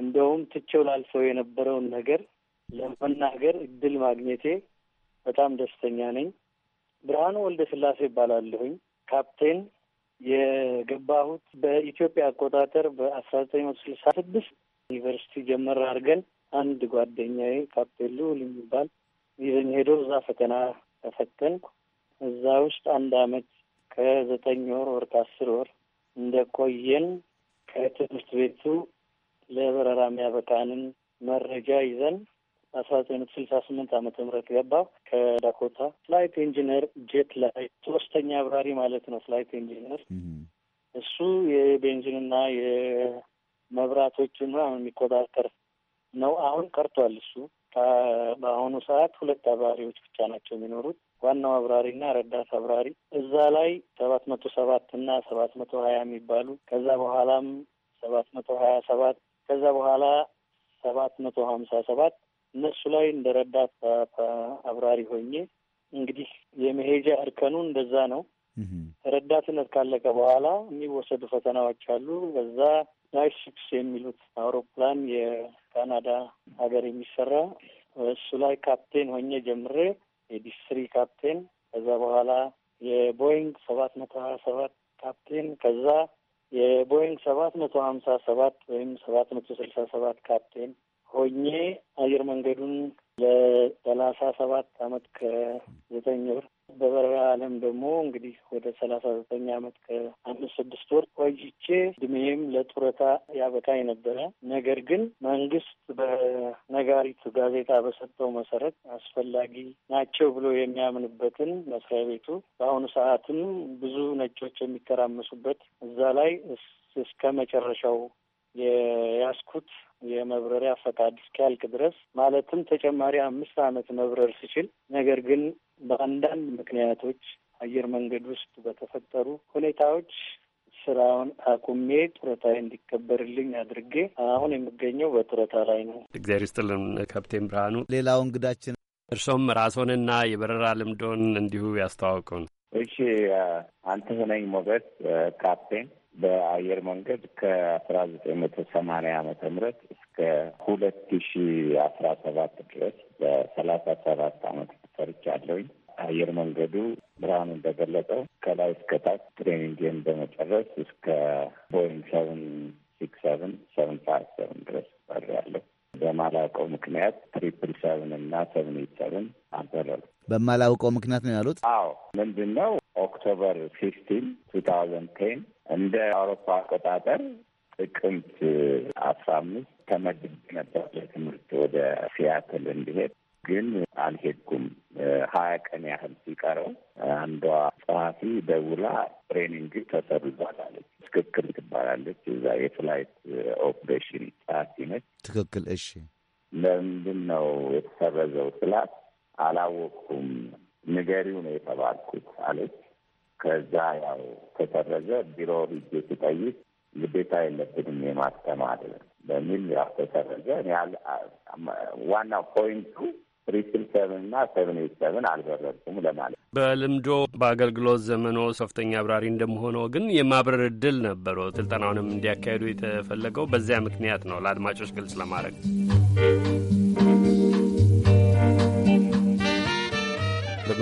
Speaker 1: እንደውም ትቼው ላልፈው የነበረውን ነገር ለመናገር እድል ማግኘቴ በጣም ደስተኛ ነኝ። ብርሃኑ ወልደ ስላሴ ይባላለሁኝ። ካፕቴን የገባሁት በኢትዮጵያ አቆጣጠር በአስራ ዘጠኝ መቶ ስልሳ ስድስት ዩኒቨርሲቲ ጀመር አድርገን አንድ ጓደኛዬ ካፕቴን ልዑል የሚባል ይዘኝ ሄዶ እዛ ፈተና ተፈተንኩ። እዛ ውስጥ አንድ አመት ከዘጠኝ ወር ወር ከአስር ወር እንደቆየን ከትምህርት ቤቱ ለበረራ የሚያበቃንን መረጃ ይዘን አስራ ዘጠኝ መቶ ስልሳ ስምንት ዓመተ ምህረት ገባ ከዳኮታ ፍላይት ኢንጂነር ጄት ላይ ሶስተኛ አብራሪ ማለት ነው። ፍላይት ኢንጂነር እሱ የቤንዚንና የመብራቶችን ምናምን የሚቆጣጠር ነው። አሁን ቀርቷል። እሱ በአሁኑ ሰዓት ሁለት አብራሪዎች ብቻ ናቸው የሚኖሩት፣ ዋናው አብራሪና ረዳት አብራሪ። እዛ ላይ ሰባት መቶ ሰባት እና ሰባት መቶ ሀያ የሚባሉ ከዛ በኋላም ሰባት መቶ ሀያ ሰባት ከዛ በኋላ ሰባት መቶ ሀምሳ ሰባት እነሱ ላይ እንደ ረዳት አብራሪ ሆኜ እንግዲህ የመሄጃ እርከኑ እንደዛ ነው። ረዳትነት ካለቀ በኋላ የሚወሰዱ ፈተናዎች አሉ። በዛ ናይት ሲክስ የሚሉት አውሮፕላን የካናዳ ሀገር የሚሰራ እሱ ላይ ካፕቴን ሆኜ ጀምሬ የዲስትሪ ካፕቴን ከዛ በኋላ የቦይንግ ሰባት መቶ ሀያ ሰባት ካፕቴን ከዛ የቦይንግ ሰባት መቶ ሀምሳ ሰባት ወይም ሰባት መቶ ስልሳ ሰባት ካፕቴን ሆኜ አየር መንገዱን ለሰላሳ ሰባት አመት ከዘጠኝ ወር በበረራ ዓለም ደግሞ እንግዲህ ወደ ሰላሳ ዘጠኝ አመት ከአንድ ስድስት ወር ቆይቼ እድሜም ለጡረታ ያበቃኝ ነበረ። ነገር ግን መንግስት በነጋሪት ጋዜጣ በሰጠው መሰረት አስፈላጊ ናቸው ብሎ የሚያምንበትን መስሪያ ቤቱ በአሁኑ ሰዓትም ብዙ ነጮች የሚተራመሱበት እዛ ላይ እስከ መጨረሻው የያዝኩት የመብረሪያ ፈቃድ እስኪያልቅ ድረስ ማለትም ተጨማሪ አምስት አመት መብረር ስችል ነገር ግን በአንዳንድ ምክንያቶች አየር መንገድ ውስጥ በተፈጠሩ ሁኔታዎች ስራውን አቁሜ ጡረታ እንዲከበርልኝ አድርጌ አሁን የምገኘው በጡረታ ላይ ነው።
Speaker 3: እግዚአብሔር ይስጥልን ካፕቴን ብርሃኑ። ሌላው እንግዳችን
Speaker 4: እርሶም ራስዎንና የበረራ ልምዶን እንዲሁ ያስተዋውቁን። እሺ፣ አንተነኝ
Speaker 2: ሞገስ ካፕቴን በአየር መንገድ ከአስራ ዘጠኝ መቶ ሰማኒያ ዓመተ ምህረት እስከ ሁለት ሺ አስራ ሰባት ድረስ በሰላሳ ሰባት አመት ሰርቻለሁኝ። አየር መንገዱ ብርሃኑ እንደገለጸው ከላይ እስከ ታች ትሬኒንግን በመጨረስ እስከ ቦይንግ ሰቨን ሲክስ ሰቨን ሰቨን ፋይቭ ሰቨን ድረስ በር በማላውቀው ምክንያት ትሪፕል ሰቨን እና ሰቨን ኤት ሰቨን አልበረሩ።
Speaker 3: በማላውቀው ምክንያት ነው ያሉት?
Speaker 2: አዎ ምንድን ነው ኦክቶበር ፊፍቲን ቱ ታውዘንድ ቴን እንደ አውሮፓ አቆጣጠር ጥቅምት አስራ አምስት ተመድቤ ነበር ለትምህርት ወደ ሲያትል እንዲሄድ ግን አልሄድኩም። ሀያ ቀን ያህል ሲቀረው አንዷ ጸሐፊ ደውላ ትሬኒንግ ተሰርዟል አለች። ትክክል ትባላለች። እዛ የፍላይት ኦፕሬሽን ጸሐፊ ነች። ትክክል። እሺ ለምንድን ነው የተሰረዘው ስላት አላወቅኩም፣ ንገሪው ነው የተባልኩት አለች። ከዛ ያው ተሰረዘ። ቢሮ ሂጄ ስጠይቅ ግዴታ የለብንም የማስተማር በሚል ያው ተሰረዘ። ዋናው ፖይንቱ ትሪፕል ሰቨን እና ሰቨን ኤት ሰቨን አልበረርኩም ለማለት
Speaker 4: በልምዶ በአገልግሎት ዘመኖ ሶፍተኛ አብራሪ እንደመሆነው ግን የማብረር እድል ነበረ። ስልጠናውንም እንዲያካሄዱ የተፈለገው በዚያ ምክንያት ነው። ለአድማጮች ግልጽ ለማድረግ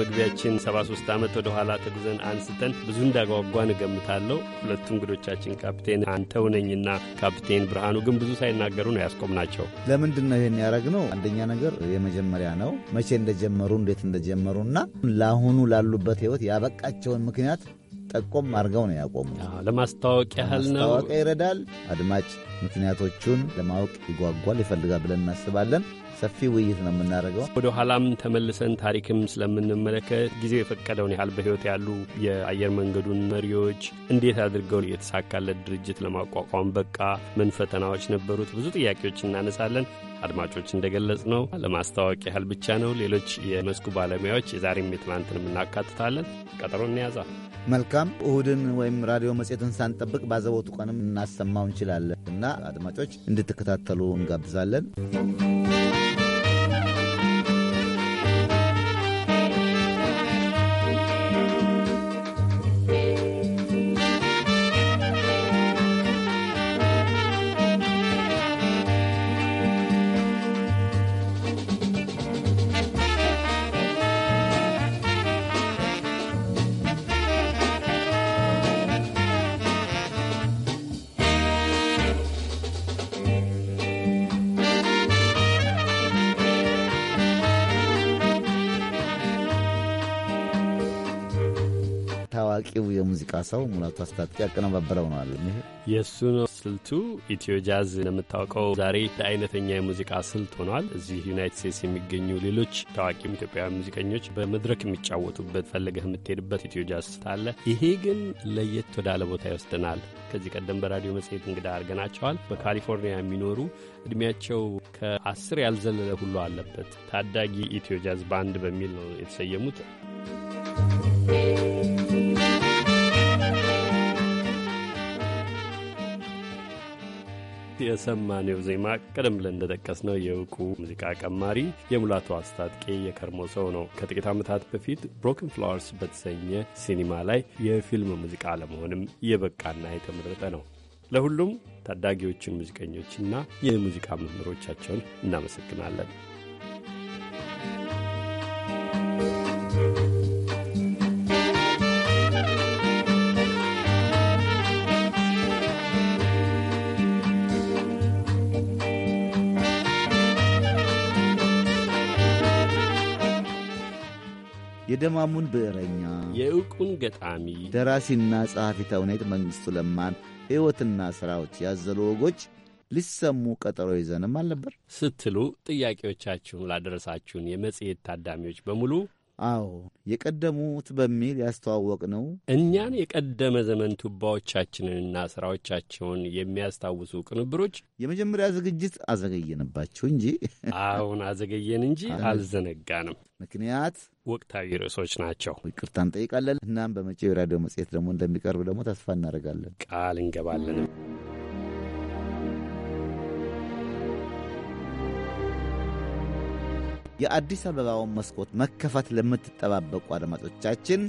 Speaker 4: መግቢያችን 73 ዓመት ወደ ኋላ ተጉዘን አንስተን ብዙ እንዳጓጓን እገምታለሁ። ሁለቱ እንግዶቻችን ካፕቴን አንተው ነኝና ካፕቴን ብርሃኑ ግን ብዙ ሳይናገሩ ነው ናቸው።
Speaker 3: ለምንድን ነው ያደረግ ነው? አንደኛ ነገር የመጀመሪያ ነው፣ መቼ እንደጀመሩ እንዴት እንደጀመሩና ለአሁኑ ላሉበት ህይወት ያበቃቸውን ምክንያት ጠቆም አድርገው ነው ያቆሙ። ለማስታወቅ ያህል ነው። ማስታወቂያ ይረዳል። አድማጭ ምክንያቶቹን ለማወቅ ይጓጓል፣ ይፈልጋል ብለን እናስባለን። ሰፊ ውይይት ነው የምናደርገው። ወደ ኋላም
Speaker 4: ተመልሰን ታሪክም ስለምንመለከት ጊዜው የፈቀደውን ያህል በሕይወት ያሉ የአየር መንገዱን መሪዎች እንዴት አድርገው የተሳካለት ድርጅት ለማቋቋም በቃ ምን ፈተናዎች ነበሩት፣ ብዙ ጥያቄዎች እናነሳለን። አድማጮች እንደገለጽ ነው ለማስታወቅ ያህል ብቻ ነው። ሌሎች የመስኩ ባለሙያዎች የዛሬም የትናንትንም እናካትታለን። ቀጠሮ እንያዛ።
Speaker 3: መልካም እሁድን ወይም ራዲዮ መጽሔትን ሳንጠብቅ ባዘቦቱ ቀንም እናሰማው እንችላለን እና አድማጮች እንድትከታተሉ እንጋብዛለን። ታዋቂው የሙዚቃ ሰው ሙላቱ አስታጥቄ ያቀነባበረው ነው አለ።
Speaker 4: የእሱ ነው ስልቱ። ኢትዮ ጃዝ እንደምታውቀው ዛሬ አይነተኛ የሙዚቃ ስልት ሆኗል። እዚህ ዩናይት ስቴትስ የሚገኙ ሌሎች ታዋቂም ኢትዮጵያውያን ሙዚቀኞች በመድረክ የሚጫወቱበት ፈለገህ የምትሄድበት ኢትዮ ጃዝ ስታለ። ይሄ ግን ለየት ወዳለ ቦታ ይወስደናል። ከዚህ ቀደም በራዲዮ መጽሔት እንግዳ አድርገናቸዋል። በካሊፎርኒያ የሚኖሩ እድሜያቸው ከአስር ያልዘለለ ሁሉ አለበት ታዳጊ ኢትዮ ጃዝ ባንድ በሚል ነው የተሰየሙት። የሰማኔው ዜማ ቀደም ብለን እንደጠቀስነው የእውቁ ሙዚቃ ቀማሪ የሙላቱ አስታጥቄ የከርሞ ሰው ነው። ከጥቂት ዓመታት በፊት ብሮክን ፍላወርስ በተሰኘ ሲኒማ ላይ የፊልም ሙዚቃ ለመሆንም የበቃና የተመረጠ ነው። ለሁሉም ታዳጊዎችን ሙዚቀኞችና የሙዚቃ መምህሮቻቸውን እናመሰግናለን።
Speaker 3: የደማሙን ብዕረኛ
Speaker 4: የዕውቁን ገጣሚ
Speaker 3: ደራሲና ጸሐፊ ተውኔት መንግሥቱ ለማን ሕይወትና ሥራዎች ያዘሉ ወጎች ሊሰሙ ቀጠሮ ይዘንም አልነበር ስትሉ
Speaker 4: ጥያቄዎቻችሁን ላደረሳችሁን የመጽሔት ታዳሚዎች
Speaker 3: በሙሉ አዎ የቀደሙት በሚል ያስተዋወቅ ነው።
Speaker 4: እኛን የቀደመ ዘመን ቱባዎቻችንንና ስራዎቻቸውን የሚያስታውሱ ቅንብሮች የመጀመሪያ
Speaker 3: ዝግጅት አዘገየንባቸው እንጂ አሁን አዘገየን እንጂ አልዘነጋንም። ምክንያት ወቅታዊ ርዕሶች ናቸው። ይቅርታ እንጠይቃለን። እናም በመጪው የራዲዮ መጽሔት ደግሞ እንደሚቀርብ ደግሞ ተስፋ እናደርጋለን።
Speaker 4: ቃል እንገባለንም።
Speaker 3: የአዲስ አበባውን መስኮት መከፈት ለምትጠባበቁ አድማጮቻችን፣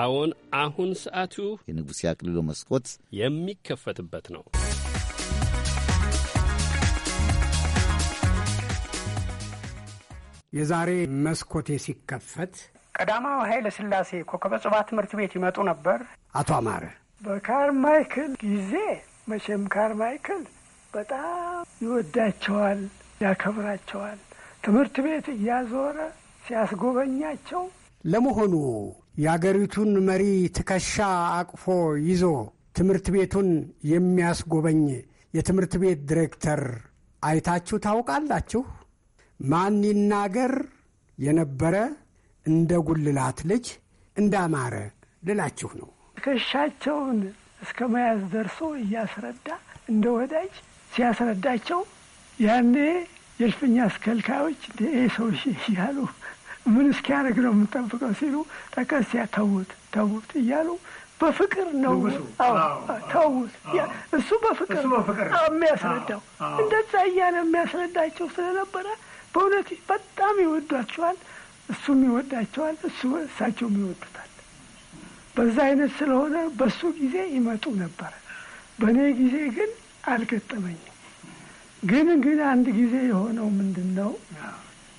Speaker 4: አዎን አሁን ሰዓቱ
Speaker 3: የንጉሥ አክሊሉ መስኮት
Speaker 4: የሚከፈትበት ነው።
Speaker 3: የዛሬ መስኮቴ
Speaker 6: ሲከፈት ቀዳማዊ ኃይለ ሥላሴ ኮከበ ጽባ ትምህርት ቤት ይመጡ ነበር። አቶ አማረ
Speaker 5: በካርማይክል ጊዜ መቼም ካርማይክል በጣም ይወዳቸዋል፣ ያከብራቸዋል። ትምህርት ቤት እያዞረ ሲያስጎበኛቸው ለመሆኑ
Speaker 6: የአገሪቱን መሪ ትከሻ አቅፎ ይዞ ትምህርት ቤቱን የሚያስጎበኝ የትምህርት ቤት ዲሬክተር አይታችሁ ታውቃላችሁ? ማን ይናገር የነበረ እንደ ጉልላት ልጅ እንዳማረ ልላችሁ ነው።
Speaker 5: ትከሻቸውን እስከ መያዝ ደርሶ እያስረዳ እንደ ወዳጅ ሲያስረዳቸው ያኔ የእልፍኝ አስከልካዮች ይህ ሰው እያሉ ምን እስኪያደርግ ነው የምንጠብቀው ሲሉ ጠቀስ ተዉት ተዉት እያሉ በፍቅር ነው ተዉት። እሱ በፍቅር የሚያስረዳው እንደዛ እያለ የሚያስረዳቸው ስለነበረ በእውነት በጣም ይወዷቸዋል። እሱም ይወዳቸዋል፣ እሱ እሳቸውም ይወዱታል። በዛ አይነት ስለሆነ በሱ ጊዜ ይመጡ ነበረ። በእኔ ጊዜ ግን አልገጠመኝም። ግን እንግዲህ አንድ ጊዜ የሆነው ምንድን ነው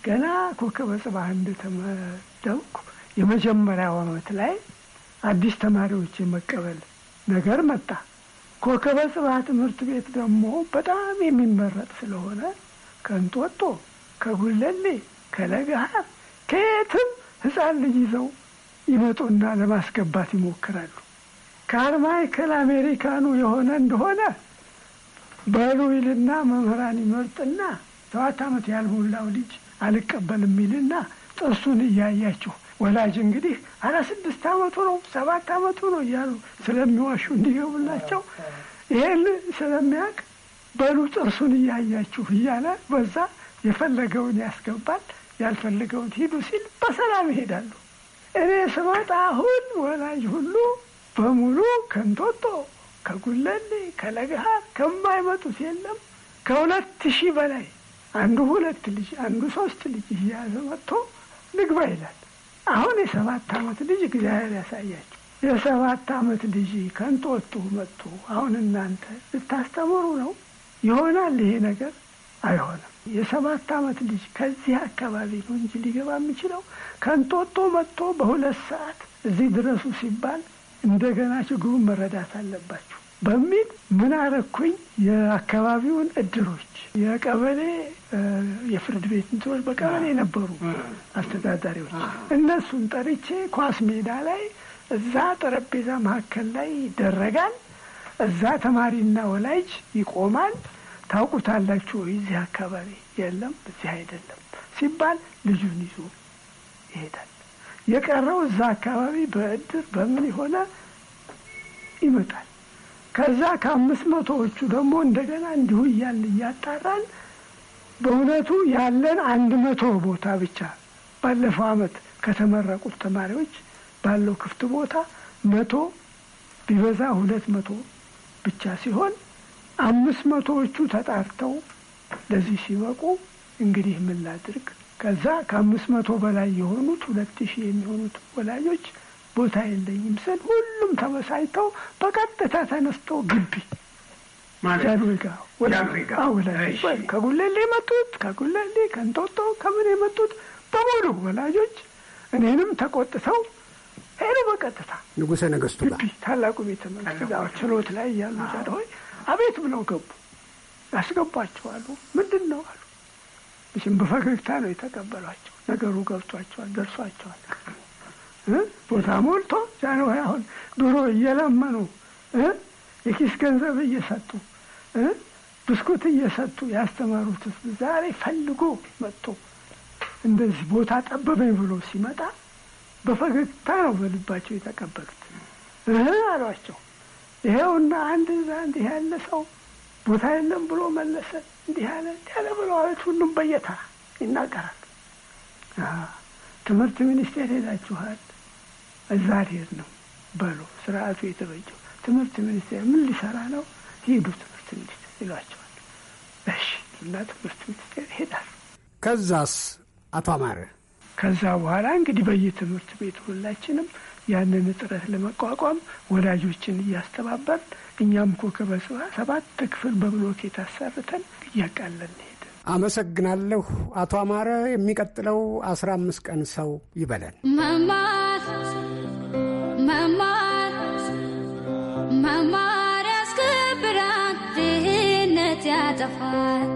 Speaker 5: ገና ኮከበ ጽባህ እንደተመደብኩ የመጀመሪያው ዓመት ላይ አዲስ ተማሪዎች የመቀበል ነገር መጣ። ኮከበ ጽባህ ትምህርት ቤት ደግሞ በጣም የሚመረጥ ስለሆነ ከእንጦጦ፣ ከጉለሌ፣ ከለገሃር ከየትም ህፃን ልጅ ይዘው ይመጡና ለማስገባት ይሞክራሉ። ከአርማይከል አሜሪካኑ የሆነ እንደሆነ በሉ ይልና መምህራን ይመርጥና ሰባት ዓመት ያልሞላው ልጅ አልቀበልም ይልና ጥርሱን እያያችሁ ወላጅ እንግዲህ አራ ስድስት ዓመቱ ነው ሰባት ዓመቱ ነው እያሉ ስለሚዋሹ እንዲገቡላቸው ይሄን ስለሚያውቅ በሉ ጥርሱን እያያችሁ እያለ በዛ የፈለገውን ያስገባል፣ ያልፈለገውን ሂዱ ሲል በሰላም ይሄዳሉ። እኔ ስመጣ አሁን ወላጅ ሁሉ በሙሉ ከንቶጦ ከጉለሌ ከለገሃር ከማይመጡት የለም። ከሁለት ሺህ በላይ አንዱ ሁለት ልጅ አንዱ ሶስት ልጅ እየያዘ መጥቶ ልግባ ይላል። አሁን የሰባት አመት ልጅ እግዚአብሔር ያሳያቸው። የሰባት አመት ልጅ ከንጦቱ መጡ። አሁን እናንተ ልታስተምሩ ነው? ይሆናል ይሄ ነገር አይሆንም። የሰባት አመት ልጅ ከዚህ አካባቢ ነው እንጂ ሊገባ የሚችለው ከንጦጦ መጥቶ በሁለት ሰዓት እዚህ ድረሱ ሲባል እንደገና ችግሩን መረዳት አለባችሁ። በሚል ምን አረኩኝ? የአካባቢውን እድሮች፣ የቀበሌ የፍርድ ቤት እንትኖች በቀበሌ የነበሩ አስተዳዳሪዎች እነሱን ጠርቼ ኳስ ሜዳ ላይ እዛ ጠረጴዛ መካከል ላይ ይደረጋል። እዛ ተማሪና ወላጅ ይቆማል። ታውቁታላችሁ ወይ እዚህ አካባቢ? የለም እዚህ አይደለም ሲባል ልጁን ይዞ ይሄዳል። የቀረው እዛ አካባቢ በእድር በምን የሆነ ይመጣል። ከዛ ከአምስት መቶዎቹ ደግሞ እንደገና እንዲሁ እያል እያጣራን በእውነቱ ያለን አንድ መቶ ቦታ ብቻ ባለፈው አመት ከተመረቁት ተማሪዎች ባለው ክፍት ቦታ መቶ ቢበዛ ሁለት መቶ ብቻ ሲሆን አምስት መቶዎቹ ተጣርተው ለዚህ ሲበቁ እንግዲህ ምን ላድርግ? ከዛ ከአምስት መቶ በላይ የሆኑት ሁለት ሺህ የሚሆኑት ወላጆች ቦታ የለኝም ስል ሁሉም ተበሳጭተው በቀጥታ ተነስተው ግቢ ከጉለሌ መጡት፣ ከጉለሌ ከንጦጦ ከምን የመጡት በሙሉ ወላጆች እኔንም ተቆጥተው ሄዱ። በቀጥታ
Speaker 6: ንጉሰ ነገስቱ ጋር
Speaker 5: ታላቁ ቤተ መንግስት ችሎት ላይ እያሉ ዛድሆይ አቤት ብለው ገቡ። ያስገቧቸዋሉ። ምንድን ነው አሉ። እሽም በፈገግታ ነው የተቀበሏቸው። ነገሩ ገብቷቸዋል፣ ደርሷቸዋል። ቦታ ሞልቶ ጃንሆይ አሁን ድሮ እየለመኑ የኪስ ገንዘብ እየሰጡ ብስኩት እየሰጡ ያስተማሩት ዛሬ ፈልጎ መጥቶ እንደዚህ ቦታ ጠበበኝ ብሎ ሲመጣ በፈገግታ ነው በልባቸው የተቀበሉት። እህ አሏቸው። ይሄውና አንድ እዛ እንዲህ ያለ ሰው ቦታ የለም ብሎ መለሰ። እንዲህ ያለ እንዲህ ያለ ብሎ አለት ሁሉም በየታ ይናገራል። ትምህርት ሚኒስቴር ሄዳችኋል እዛ ልሄድ ነው በሉ ስርዓቱ የተበጀው ትምህርት ሚኒስቴር ምን ሊሰራ ነው? ሂዱ ትምህርት ሚኒስቴር ይሏቸዋል። እሺ እና ትምህርት ሚኒስቴር ይሄዳል። ከዛስ አቶ አማረ ከዛ በኋላ እንግዲህ በየትምህርት ቤት ሁላችንም ያንን ጥረት ለመቋቋም ወላጆችን እያስተባበር እኛም ኮከበ ሰባት ክፍል በብሎኬት አሰርተን እያቃለን
Speaker 6: ሄድ አመሰግናለሁ አቶ አማረ። የሚቀጥለው አስራ አምስት ቀን ሰው
Speaker 7: ይበለን።
Speaker 5: መማር መማር ያስከብራል ድህነት ያጠፋል።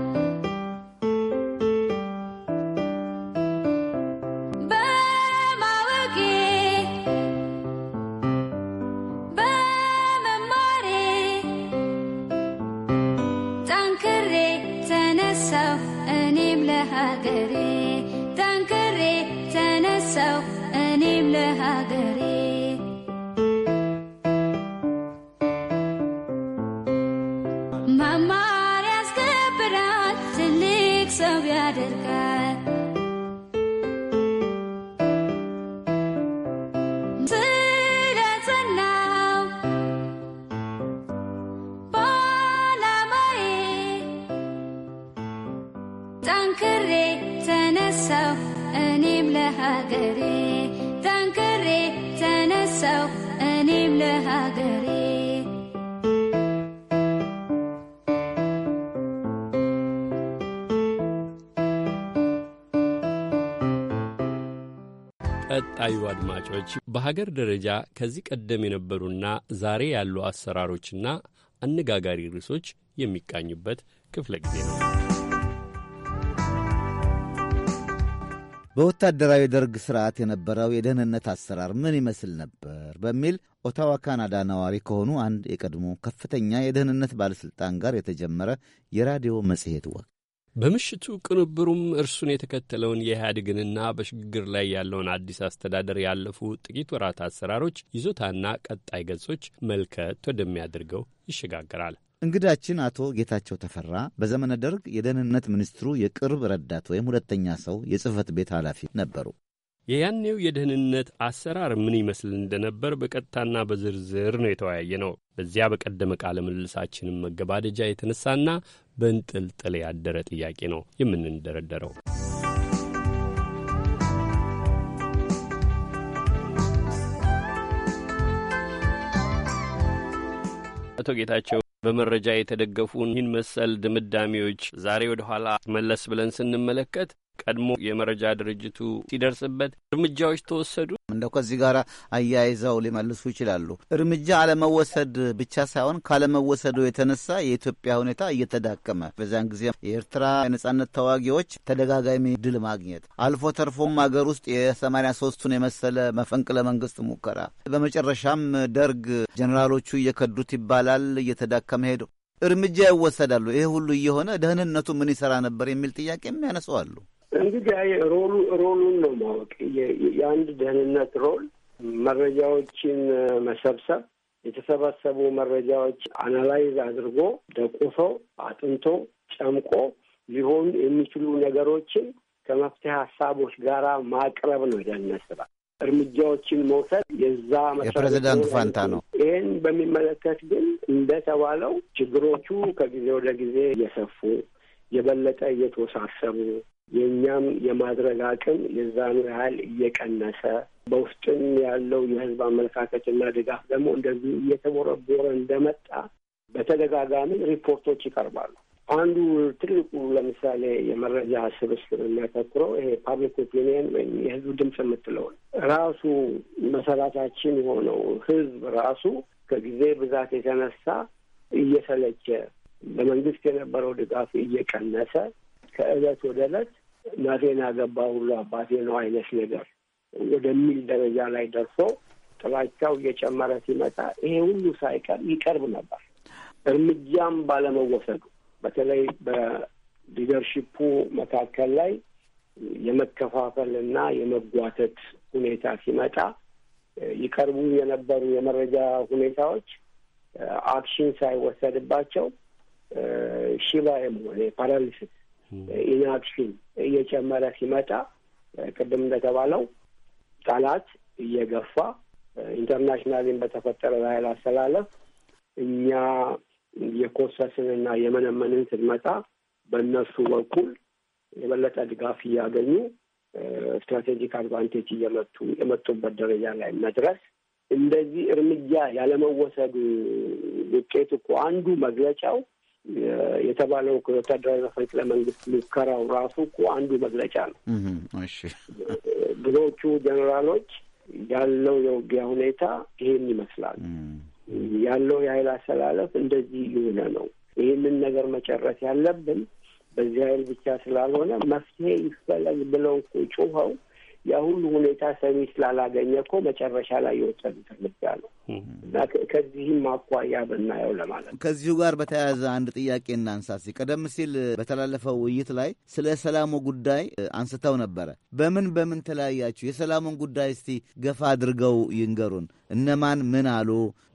Speaker 4: አድማጮች በሀገር ደረጃ ከዚህ ቀደም የነበሩና ዛሬ ያሉ አሰራሮችና አነጋጋሪ ርዕሶች የሚቃኙበት ክፍለ ጊዜ ነው።
Speaker 3: በወታደራዊ ደርግ ስርዓት የነበረው የደህንነት አሰራር ምን ይመስል ነበር በሚል ኦታዋ ካናዳ ነዋሪ ከሆኑ አንድ የቀድሞ ከፍተኛ የደህንነት ባለሥልጣን ጋር የተጀመረ የራዲዮ መጽሔት ወግ
Speaker 4: በምሽቱ ቅንብሩም እርሱን የተከተለውን የኢህአዴግንና በሽግግር ላይ ያለውን አዲስ አስተዳደር ያለፉ ጥቂት ወራት አሰራሮች ይዞታና ቀጣይ ገጾች መልከት ወደሚያደርገው ይሸጋገራል።
Speaker 3: እንግዳችን አቶ ጌታቸው ተፈራ በዘመነ ደርግ የደህንነት ሚኒስትሩ የቅርብ ረዳት ወይም ሁለተኛ ሰው የጽህፈት ቤት ኃላፊ ነበሩ።
Speaker 4: የያኔው የደህንነት አሰራር ምን ይመስል እንደነበር በቀጥታና በዝርዝር ነው የተወያየ ነው። በዚያ በቀደመ ቃለ ምልልሳችንም መገባደጃ የተነሳና በንጥልጥል ያደረ ጥያቄ ነው የምንደረደረው። አቶ ጌታቸው በመረጃ የተደገፉ ይህን መሰል ድምዳሜዎች ዛሬ ወደ ኋላ መለስ ብለን ስንመለከት ቀድሞ የመረጃ ድርጅቱ ሲደርስበት እርምጃዎች
Speaker 3: ተወሰዱ? እንደው ከዚህ ጋር አያይዘው ሊመልሱ ይችላሉ። እርምጃ አለመወሰድ ብቻ ሳይሆን ካለመወሰዱ የተነሳ የኢትዮጵያ ሁኔታ እየተዳከመ በዚያን ጊዜ የኤርትራ የነጻነት ተዋጊዎች ተደጋጋሚ ድል ማግኘት አልፎ ተርፎም አገር ውስጥ የሰማንያ ሶስቱን የመሰለ መፈንቅለ መንግስት ሙከራ በመጨረሻም ደርግ ጀኔራሎቹ እየከዱት ይባላል እየተዳከመ ሄደው እርምጃ ይወሰዳሉ። ይሄ ሁሉ እየሆነ ደህንነቱ ምን ይሰራ ነበር የሚል ጥያቄም ያነሳዋሉ።
Speaker 6: እንግዲህ ሮሉ ሮሉን ነው ማወቅ። የአንድ ደህንነት ሮል መረጃዎችን መሰብሰብ፣ የተሰበሰቡ መረጃዎች አናላይዝ አድርጎ ደቁሶ አጥንቶ ጨምቆ ሊሆኑ የሚችሉ ነገሮችን ከመፍትሄ ሀሳቦች ጋር ማቅረብ ነው የደህንነት ስራ። እርምጃዎችን መውሰድ የዛ የፕሬዚዳንቱ ፋንታ ነው። ይህን በሚመለከት ግን እንደተባለው ችግሮቹ ከጊዜ ወደ ጊዜ እየሰፉ የበለጠ እየተወሳሰቡ የእኛም የማድረግ አቅም የዛኑ ያህል እየቀነሰ በውስጥም ያለው የህዝብ አመለካከትና ድጋፍ ደግሞ እንደዚሁ እየተቦረቦረ እንደመጣ በተደጋጋሚ ሪፖርቶች ይቀርባሉ። አንዱ ትልቁ ለምሳሌ የመረጃ ስብስብ የሚያተኩረው ይሄ ፓብሊክ ኦፒኒየን ወይም የህዝብ ድምፅ የምትለው ራሱ መሰረታችን የሆነው ህዝብ ራሱ ከጊዜ ብዛት የተነሳ እየሰለቸ ለመንግስት የነበረው ድጋፍ እየቀነሰ ከእለት ወደ እለት እናቴን ያገባ ሁሉ አባቴ ነው አይነት ነገር ወደሚል ደረጃ ላይ ደርሶ ጥላቻው እየጨመረ ሲመጣ ይሄ ሁሉ ሳይቀር ይቀርብ ነበር። እርምጃም ባለመወሰዱ በተለይ በሊደርሺፑ መካከል ላይ የመከፋፈልና የመጓተት ሁኔታ ሲመጣ ይቀርቡ የነበሩ የመረጃ ሁኔታዎች አክሽን ሳይወሰድባቸው ሽባ የመሆን ፓራሊሲስ ኢናክሽን እየጨመረ ሲመጣ ቅድም እንደተባለው ጠላት እየገፋ ኢንተርናሽናልን በተፈጠረ ኃይል አስተላለፍ እኛ የኮሰስንና የመነመንን ስንመጣ በእነሱ በኩል የበለጠ ድጋፍ እያገኙ ስትራቴጂክ አድቫንቴጅ እየመጡ የመጡበት ደረጃ ላይ መድረስ እንደዚህ እርምጃ ያለመወሰድ ውጤት እኮ አንዱ መግለጫው የተባለው ወታደራዊ መፈንቅለ መንግስት ሙከራው ራሱ እኮ አንዱ መግለጫ ነው። ብዙዎቹ ጀኔራሎች ያለው የውጊያ ሁኔታ ይሄን ይመስላል፣ ያለው የኃይል አሰላለፍ እንደዚህ የሆነ ነው። ይህንን ነገር መጨረስ ያለብን በዚህ ኃይል ብቻ ስላልሆነ መፍትሄ ይፈለግ ብለው ጮኸው ያ ሁሉ ሁኔታ ሰሚ ስላላገኘ እኮ መጨረሻ ላይ የወሰዱት እርምጃ ነው እና ከዚህም አኳያ ብናየው ለማለት
Speaker 3: ነው። ከዚሁ ጋር በተያያዘ አንድ ጥያቄ እናንሳ። ቀደም ሲል በተላለፈው ውይይት ላይ ስለ ሰላሙ ጉዳይ አንስተው ነበረ። በምን በምን ተለያያችሁ? የሰላሙን ጉዳይ እስቲ ገፋ አድርገው ይንገሩን። እነማን ምን አሉ?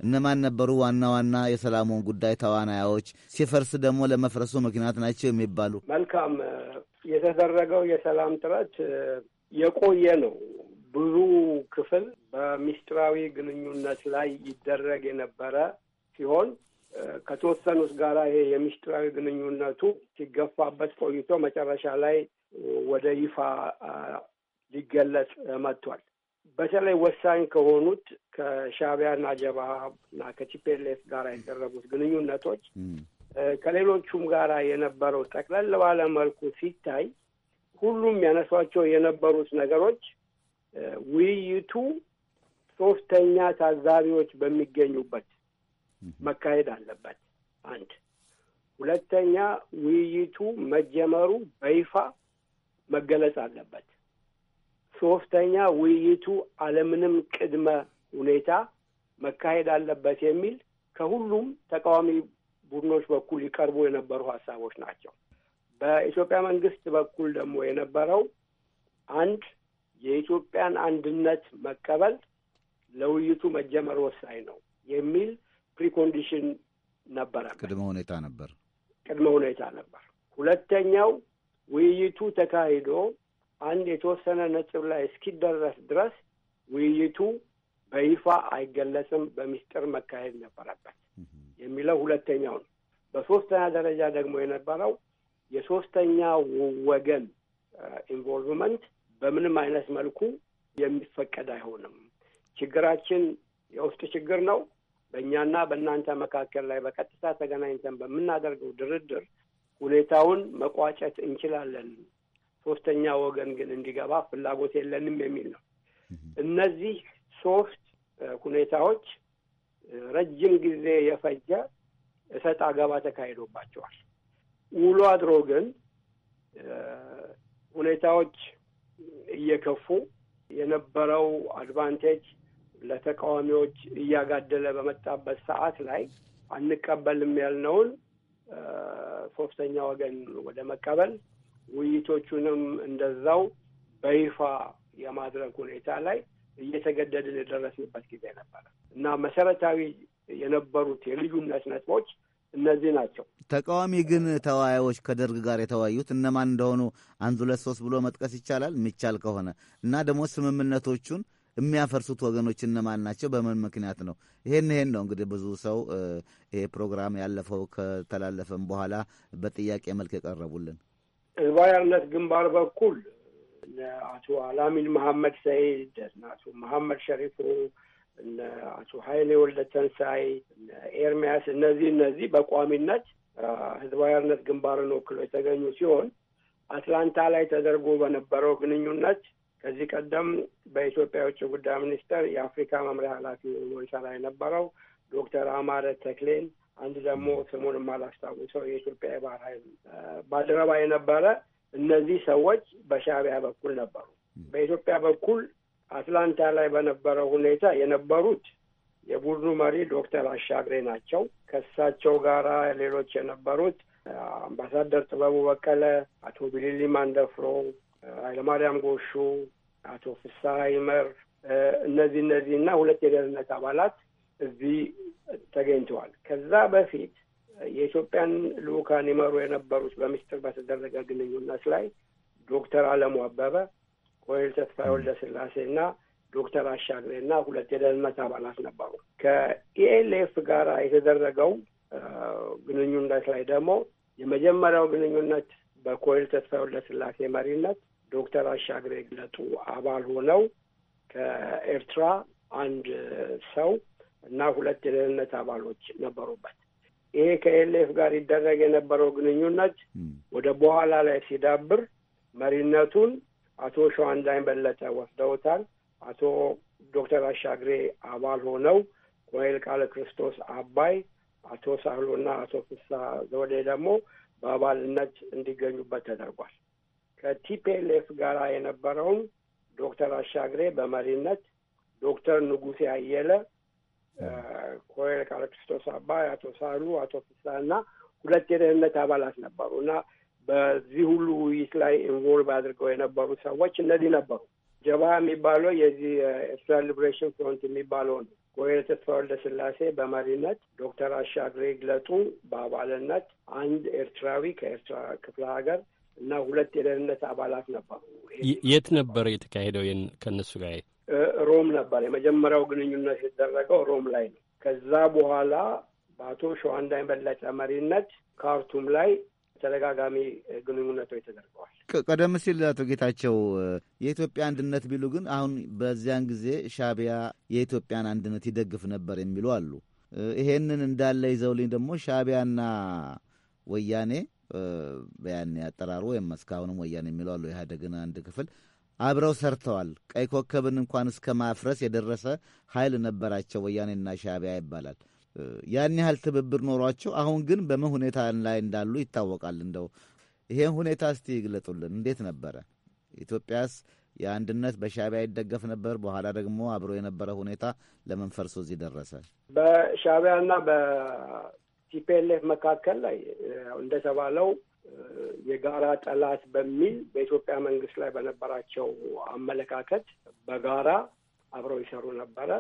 Speaker 3: እነማን ነበሩ ዋና ዋና የሰላሙን ጉዳይ ተዋናዮች? ሲፈርስ ደግሞ ለመፍረሱ ምክንያት ናቸው የሚባሉ
Speaker 6: መልካም የተደረገው የሰላም ጥረት የቆየ ነው። ብዙ ክፍል በሚስጢራዊ ግንኙነት ላይ ይደረግ የነበረ ሲሆን ከተወሰኑት ጋራ ይሄ የሚስጢራዊ ግንኙነቱ ሲገፋበት ቆይቶ መጨረሻ ላይ ወደ ይፋ ሊገለጽ መጥቷል። በተለይ ወሳኝ ከሆኑት ከሻዕቢያና ጀብሃ እና ከቲፒኤልኤፍ ጋር የደረጉት ግንኙነቶች ከሌሎቹም ጋራ የነበረው ጠቅለል ባለ መልኩ ሲታይ ሁሉም ያነሷቸው የነበሩት ነገሮች ውይይቱ ሶስተኛ ታዛቢዎች በሚገኙበት መካሄድ አለበት። አንድ ሁለተኛ ውይይቱ መጀመሩ በይፋ መገለጽ አለበት። ሶስተኛ ውይይቱ አለምንም ቅድመ ሁኔታ መካሄድ አለበት የሚል ከሁሉም ተቃዋሚ ቡድኖች በኩል ይቀርቡ የነበሩ ሀሳቦች ናቸው። በኢትዮጵያ መንግስት በኩል ደግሞ የነበረው አንድ የኢትዮጵያን አንድነት መቀበል ለውይይቱ መጀመር ወሳኝ ነው የሚል
Speaker 3: ፕሪኮንዲሽን ነበረ። ቅድመ ሁኔታ ነበር።
Speaker 6: ቅድመ ሁኔታ ነበር። ሁለተኛው ውይይቱ ተካሂዶ አንድ የተወሰነ ነጥብ ላይ እስኪደረስ ድረስ ውይይቱ በይፋ አይገለጽም፣ በሚስጥር መካሄድ ነበረበት የሚለው ሁለተኛው ነው። በሶስተኛ ደረጃ ደግሞ የነበረው የሶስተኛ ወገን ኢንቮልቭመንት uh, በምንም አይነት መልኩ የሚፈቀድ አይሆንም። ችግራችን የውስጥ ችግር ነው። በእኛና በእናንተ መካከል ላይ በቀጥታ ተገናኝተን በምናደርገው ድርድር ሁኔታውን መቋጨት እንችላለን። ሶስተኛ ወገን ግን እንዲገባ ፍላጎት የለንም የሚል ነው። እነዚህ ሶስት uh, ሁኔታዎች uh, ረጅም ጊዜ የፈጀ እሰጥ አገባ ተካሂዶባቸዋል። ውሎ አድሮ ግን ሁኔታዎች እየከፉ የነበረው አድቫንቴጅ ለተቃዋሚዎች እያጋደለ በመጣበት ሰዓት ላይ አንቀበልም ያልነውን ሶስተኛ ወገን ወደ መቀበል ውይይቶቹንም እንደዛው በይፋ የማድረግ ሁኔታ ላይ እየተገደድን የደረስንበት ጊዜ ነበረ እና መሰረታዊ የነበሩት የልዩነት ነጥቦች እነዚህ ናቸው።
Speaker 3: ተቃዋሚ ግን ተወያዮች ከደርግ ጋር የተወያዩት እነማን እንደሆኑ አንድ ሁለት ሶስት ብሎ መጥቀስ ይቻላል የሚቻል ከሆነ እና ደግሞ ስምምነቶቹን የሚያፈርሱት ወገኖች እነማን ናቸው? በምን ምክንያት ነው? ይሄን ይሄን ነው እንግዲህ ብዙ ሰው ይሄ ፕሮግራም ያለፈው ከተላለፈም በኋላ በጥያቄ መልክ የቀረቡልን
Speaker 6: ህዝባዊ አርነት ግንባር በኩል አቶ አላሚን መሐመድ ሰይድ፣ አቶ መሐመድ ሸሪፉ እነ አቶ ተንሳይ፣ እነ ኤርሚያስ እነዚህ እነዚህ በቋሚነት ህዝባዊ አርነት ግንባርን ወክሎ የተገኙ ሲሆን አትላንታ ላይ ተደርጎ በነበረው ግንኙነት ከዚህ ቀደም በኢትዮጵያ የውጭ ጉዳይ ሚኒስቴር የአፍሪካ መምሪያ ኃላፊ ሆኖ ይሰራ የነበረው ዶክተር አማረ ተክሌን አንድ ደግሞ ስሙን አላስታውሰው የኢትዮጵያ የባህር ኃይል ባልደረባ የነበረ እነዚህ ሰዎች በሻቢያ በኩል ነበሩ። በኢትዮጵያ በኩል አትላንታ ላይ በነበረው ሁኔታ የነበሩት የቡድኑ መሪ ዶክተር አሻግሬ ናቸው። ከእሳቸው ጋር ሌሎች የነበሩት አምባሳደር ጥበቡ በቀለ፣ አቶ ቢሊሊ ማንደፍሮ፣ ኃይለማርያም ጎሹ፣ አቶ ፍስሐ ይመር እነዚህ እነዚህ እና ሁለት የደህንነት አባላት እዚህ ተገኝተዋል። ከዛ በፊት የኢትዮጵያን ልኡካን ይመሩ የነበሩት በምስጢር በተደረገ ግንኙነት ላይ ዶክተር አለሙ አበበ ወይልተ ተስፋዬ ወልደ ስላሴና ዶክተር አሻግሬ እና ሁለት የደህንነት አባላት ነበሩ። ከኢኤልኤፍ ጋር የተደረገው ግንኙነት ላይ ደግሞ የመጀመሪያው ግንኙነት በኮይል ተስፋዬ ወልደ ስላሴ መሪነት ዶክተር አሻግሬ ግለጡ አባል ሆነው ከኤርትራ አንድ ሰው እና ሁለት የደህንነት አባሎች ነበሩበት። ይሄ ከኤልኤፍ ጋር ይደረግ የነበረው ግንኙነት ወደ በኋላ ላይ ሲዳብር መሪነቱን አቶ ሸዋንዳይን በለጠ ወስደውታል። አቶ ዶክተር አሻግሬ አባል ሆነው ኮሄል ቃለ ክርስቶስ አባይ፣ አቶ ሳህሎና አቶ ፍሳ ዘውዴ ደግሞ በአባልነት እንዲገኙበት ተደርጓል። ከቲፒኤልኤፍ ጋር የነበረውን ዶክተር አሻግሬ በመሪነት ዶክተር ንጉሴ አየለ፣ ኮሄል ቃለ ክርስቶስ አባይ፣ አቶ ሳህሉ፣ አቶ ፍሳ እና ሁለት የደህንነት አባላት ነበሩ እና በዚህ ሁሉ ውይይት ላይ ኢንቮልቭ አድርገው የነበሩ ሰዎች እነዚህ ነበሩ። ጀባ የሚባለው የዚህ የኤርትራ ሊብሬሽን ፍሮንት የሚባለው ነው። ወይረ ተስፋ ስላሴ በመሪነት ዶክተር አሻግሬ ግለጡ በአባልነት አንድ ኤርትራዊ ከኤርትራ ክፍለ ሀገር እና ሁለት የደህንነት አባላት ነበሩ።
Speaker 4: የት ነበር የተካሄደው? ከእነሱ ጋር
Speaker 6: ሮም ነበር። የመጀመሪያው ግንኙነት የተደረገው ሮም ላይ ነው። ከዛ በኋላ በአቶ ሸዋንዳኝ በለጠ መሪነት ካርቱም ላይ ተደጋጋሚ ግንኙነቶች
Speaker 5: ተደርገዋል።
Speaker 3: ቀደም ሲል አቶ ጌታቸው የኢትዮጵያ አንድነት ቢሉ ግን አሁን በዚያን ጊዜ ሻቢያ የኢትዮጵያን አንድነት ይደግፍ ነበር የሚሉ አሉ። ይሄንን እንዳለ ይዘውልኝ ደግሞ ሻቢያና ወያኔ በያኔ አጠራሩ ወይም እስካሁንም ወያኔ የሚሉ አሉ ኢህአዴግን አንድ ክፍል አብረው ሰርተዋል። ቀይ ኮከብን እንኳን እስከ ማፍረስ የደረሰ ኃይል ነበራቸው ወያኔና ሻቢያ ይባላል። ያን ያህል ትብብር ኖሯቸው አሁን ግን ሁኔታ ላይ እንዳሉ ይታወቃል። እንደው ይሄን ሁኔታ እስቲ ይግለጡልን። እንዴት ነበረ? ኢትዮጵያስ የአንድነት በሻቢያ ይደገፍ ነበር። በኋላ ደግሞ አብሮ የነበረ ሁኔታ ለምን ፈርሶ እዚህ ደረሰ?
Speaker 6: በሻዕቢያና በቲፒኤልኤፍ መካከል ላይ እንደተባለው የጋራ ጠላት በሚል በኢትዮጵያ መንግስት ላይ በነበራቸው አመለካከት በጋራ አብረው ይሰሩ ነበረ።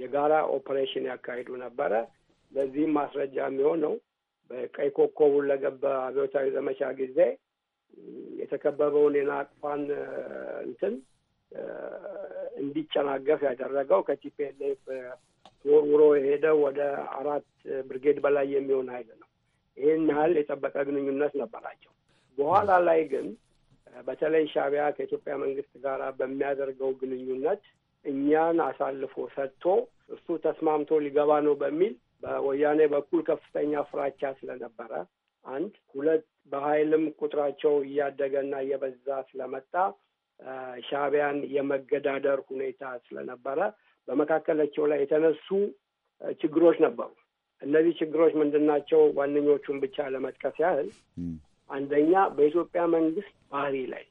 Speaker 6: የጋራ ኦፕሬሽን ያካሂዱ ነበረ። ለዚህም ማስረጃ የሚሆነው በቀይ ኮከብ ሁለገብ አብዮታዊ ዘመቻ ጊዜ የተከበበውን የናቅፋን እንትን እንዲጨናገፍ ያደረገው ከቲፒኤልኤፍ ወርውሮ የሄደው ወደ አራት ብርጌድ በላይ የሚሆን ኃይል ነው። ይህን ያህል የጠበቀ ግንኙነት ነበራቸው። በኋላ ላይ ግን በተለይ ሻቢያ ከኢትዮጵያ መንግስት ጋር በሚያደርገው ግንኙነት እኛን አሳልፎ ሰጥቶ እሱ ተስማምቶ ሊገባ ነው በሚል በወያኔ በኩል ከፍተኛ ፍራቻ ስለነበረ አንድ ሁለት በኃይልም ቁጥራቸው እያደገና እየበዛ ስለመጣ ሻቢያን የመገዳደር ሁኔታ ስለነበረ በመካከላቸው ላይ የተነሱ ችግሮች ነበሩ። እነዚህ ችግሮች ምንድን ናቸው? ዋነኞቹን ብቻ ለመጥቀስ ያህል አንደኛ በኢትዮጵያ መንግስት ባህሪ ላይ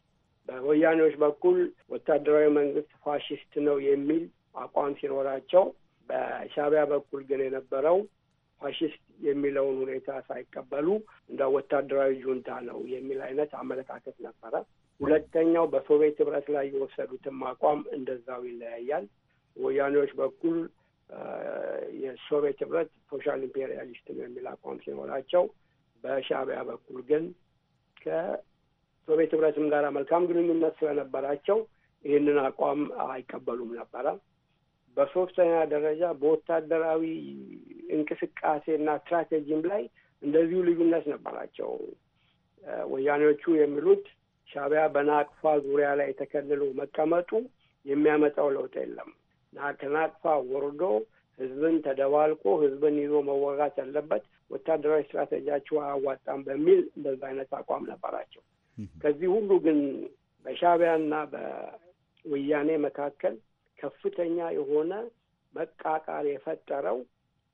Speaker 6: በወያኔዎች በኩል ወታደራዊ መንግስት ፋሽስት ነው የሚል አቋም ሲኖራቸው፣ በሻቢያ በኩል ግን የነበረው ፋሽስት የሚለውን ሁኔታ ሳይቀበሉ እንደ ወታደራዊ ጁንታ ነው የሚል አይነት አመለካከት ነበረ። ሁለተኛው በሶቪየት ህብረት ላይ የወሰዱትም አቋም እንደዛው ይለያያል። ወያኔዎች በኩል የሶቪየት ህብረት ሶሻል ኢምፔሪያሊስት ነው የሚል አቋም ሲኖራቸው፣ በሻቢያ በኩል ግን ሶቪየት ህብረትም ጋር መልካም ግንኙነት ስለነበራቸው ይህንን አቋም አይቀበሉም ነበረ። በሶስተኛ ደረጃ በወታደራዊ እንቅስቃሴና ስትራቴጂም ላይ እንደዚሁ ልዩነት ነበራቸው። ወያኔዎቹ የሚሉት ሻቢያ በናቅፋ ዙሪያ ላይ ተከልሎ መቀመጡ የሚያመጣው ለውጥ የለም ከናቅፋ ወርዶ ህዝብን ተደባልቆ ህዝብን ይዞ መዋጋት ያለበት ወታደራዊ ስትራቴጂያቸው አያዋጣም በሚል እንደዚ አይነት አቋም ነበራቸው። ከዚህ ሁሉ ግን በሻዕቢያና በወያኔ መካከል ከፍተኛ የሆነ መቃቃር የፈጠረው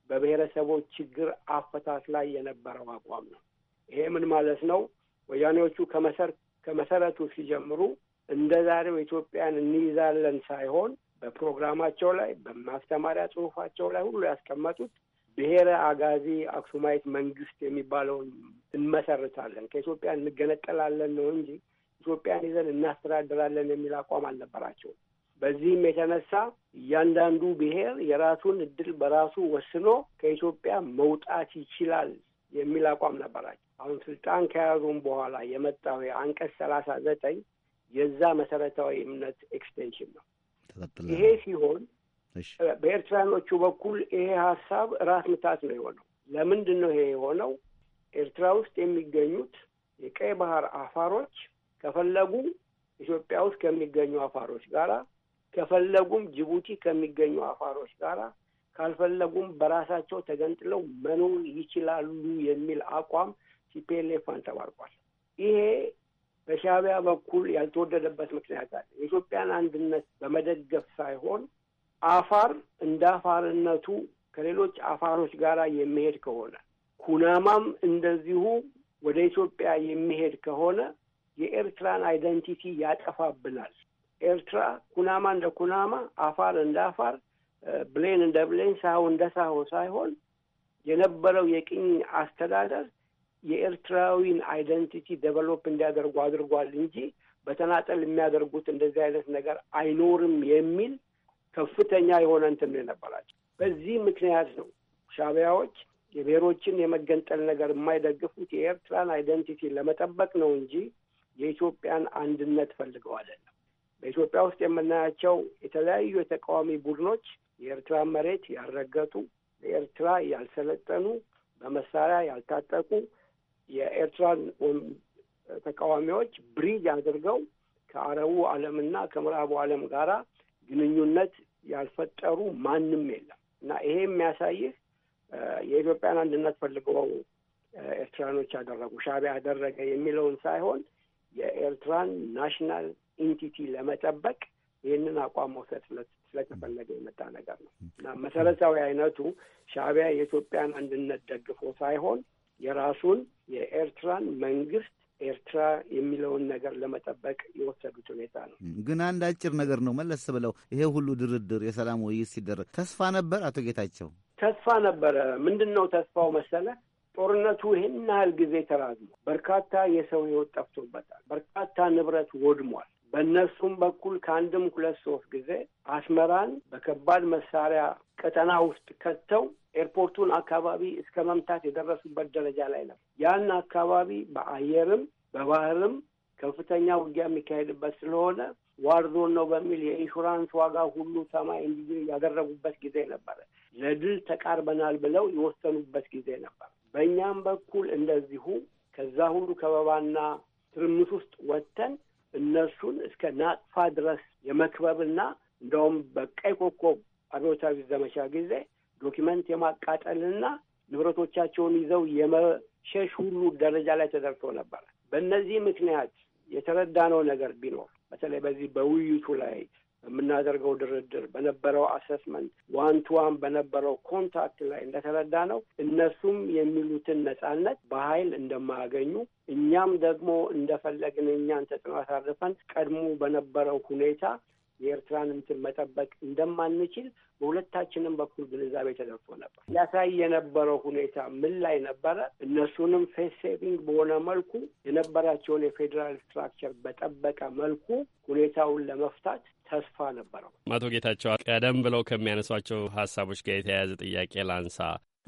Speaker 6: በብሔረሰቦች ችግር አፈታት ላይ የነበረው አቋም ነው። ይሄ ምን ማለት ነው? ወያኔዎቹ ከመሰረቱ ሲጀምሩ እንደ ዛሬው ኢትዮጵያን እንይዛለን ሳይሆን በፕሮግራማቸው ላይ፣ በማስተማሪያ ጽሁፋቸው ላይ ሁሉ ያስቀመጡት ብሔረ አጋዚ አክሱማይት መንግስት የሚባለውን እንመሰርታለን፣ ከኢትዮጵያ እንገነጠላለን ነው እንጂ ኢትዮጵያን ይዘን እናስተዳድራለን የሚል አቋም አልነበራቸውም። በዚህም የተነሳ እያንዳንዱ ብሔር የራሱን እድል በራሱ ወስኖ ከኢትዮጵያ መውጣት ይችላል የሚል አቋም ነበራቸው። አሁን ስልጣን ከያዙም በኋላ የመጣው አንቀጽ ሰላሳ ዘጠኝ የዛ መሰረታዊ እምነት ኤክስቴንሽን ነው። ይሄ ሲሆን በኤርትራኖቹ በኩል ይሄ ሀሳብ ራስ ምታት ነው የሆነው። ለምንድን ነው ይሄ የሆነው? ኤርትራ ውስጥ የሚገኙት የቀይ ባህር አፋሮች ከፈለጉ ኢትዮጵያ ውስጥ ከሚገኙ አፋሮች ጋራ ከፈለጉም ጅቡቲ ከሚገኙ አፋሮች ጋራ ካልፈለጉም በራሳቸው ተገንጥለው መኖር ይችላሉ የሚል አቋም ሲፒኤልኤፍ አንጸባርቋል። ይሄ በሻቢያ በኩል ያልተወደደበት ምክንያት አለ። የኢትዮጵያን አንድነት በመደገፍ ሳይሆን አፋር እንደ አፋርነቱ ከሌሎች አፋሮች ጋር የሚሄድ ከሆነ ኩናማም እንደዚሁ ወደ ኢትዮጵያ የሚሄድ ከሆነ የኤርትራን አይደንቲቲ ያጠፋብናል። ኤርትራ ኩናማ እንደ ኩናማ፣ አፋር እንደ አፋር፣ ብሌን እንደ ብሌን፣ ሳሆ እንደ ሳሆ ሳይሆን የነበረው የቅኝ አስተዳደር የኤርትራዊን አይደንቲቲ ዴቨሎፕ እንዲያደርጉ አድርጓል እንጂ በተናጠል የሚያደርጉት እንደዚህ አይነት ነገር አይኖርም የሚል ከፍተኛ የሆነ እንትን የነበራቸው። በዚህ ምክንያት ነው ሻቢያዎች የብሔሮችን የመገንጠል ነገር የማይደግፉት የኤርትራን አይደንቲቲ ለመጠበቅ ነው እንጂ የኢትዮጵያን አንድነት ፈልገው አይደለም። በኢትዮጵያ ውስጥ የምናያቸው የተለያዩ የተቃዋሚ ቡድኖች የኤርትራን መሬት ያልረገጡ፣ ለኤርትራ ያልሰለጠኑ፣ በመሳሪያ ያልታጠቁ የኤርትራን ተቃዋሚዎች ብሪጅ አድርገው ከአረቡ ዓለምና ከምዕራቡ ዓለም ጋራ ግንኙነት ያልፈጠሩ ማንም የለም እና ይሄ የሚያሳይህ የኢትዮጵያን አንድነት ፈልገው ኤርትራኖች ያደረጉ ሻቢያ ያደረገ የሚለውን ሳይሆን የኤርትራን ናሽናል ኢንቲቲ ለመጠበቅ ይህንን አቋም መውሰድ ስለተፈለገ የመጣ ነገር ነው እና መሰረታዊ አይነቱ ሻቢያ የኢትዮጵያን አንድነት ደግፎ ሳይሆን የራሱን የኤርትራን መንግስት ኤርትራ የሚለውን ነገር ለመጠበቅ የወሰዱት ሁኔታ ነው።
Speaker 3: ግን አንድ አጭር ነገር ነው መለስ ብለው ይሄ ሁሉ ድርድር የሰላም ውይይት ሲደረግ ተስፋ ነበር። አቶ ጌታቸው
Speaker 6: ተስፋ ነበረ። ምንድን ነው ተስፋው መሰለ ጦርነቱ ይህን ያህል ጊዜ ተራዝሞ በርካታ የሰው ህይወት ጠፍቶበታል። በርካታ ንብረት ወድሟል። በእነሱም በኩል ከአንድም ሁለት ሶስት ጊዜ አስመራን በከባድ መሳሪያ ቀጠና ውስጥ ከተው ኤርፖርቱን አካባቢ እስከ መምታት የደረሱበት ደረጃ ላይ ነው። ያን አካባቢ በአየርም በባህርም ከፍተኛ ውጊያ የሚካሄድበት ስለሆነ ዋርዞን ነው በሚል የኢንሹራንስ ዋጋ ሁሉ ሰማይ እንዲህ ያደረጉበት ጊዜ ነበረ። ለድል ተቃርበናል ብለው የወሰኑበት ጊዜ ነበር። በእኛም በኩል እንደዚሁ ከዛ ሁሉ ከበባና ትርምስ ውስጥ ወጥተን እነሱን እስከ ናጥፋ ድረስ የመክበብና እንደውም በቀይ ኮከብ አብዮታዊ ዘመቻ ጊዜ ዶኪመንት የማቃጠልና ንብረቶቻቸውን ይዘው የመሸሽ ሁሉ ደረጃ ላይ ተደርሶ ነበር። በእነዚህ ምክንያት የተረዳነው ነገር ቢኖር በተለይ በዚህ በውይይቱ ላይ የምናደርገው ድርድር በነበረው አሰስመንት ዋን ቱ ዋን በነበረው ኮንታክት ላይ እንደተረዳ ነው እነሱም የሚሉትን ነጻነት በኃይል እንደማያገኙ እኛም ደግሞ እንደፈለግን እኛን ተጽዕኖ አሳርፈን ቀድሞ በነበረው ሁኔታ የኤርትራን እንትን መጠበቅ እንደማንችል በሁለታችንም በኩል ግንዛቤ ተደርሶ ነበር። ያሳይ የነበረው ሁኔታ ምን ላይ ነበረ? እነሱንም ፌስ ሴቪንግ በሆነ መልኩ የነበራቸውን የፌዴራል ስትራክቸር በጠበቀ መልኩ ሁኔታውን ለመፍታት ተስፋ ነበረው።
Speaker 4: አቶ ጌታቸው ቀደም ብለው ከሚያነሷቸው ሀሳቦች ጋር የተያያዘ ጥያቄ ላንሳ።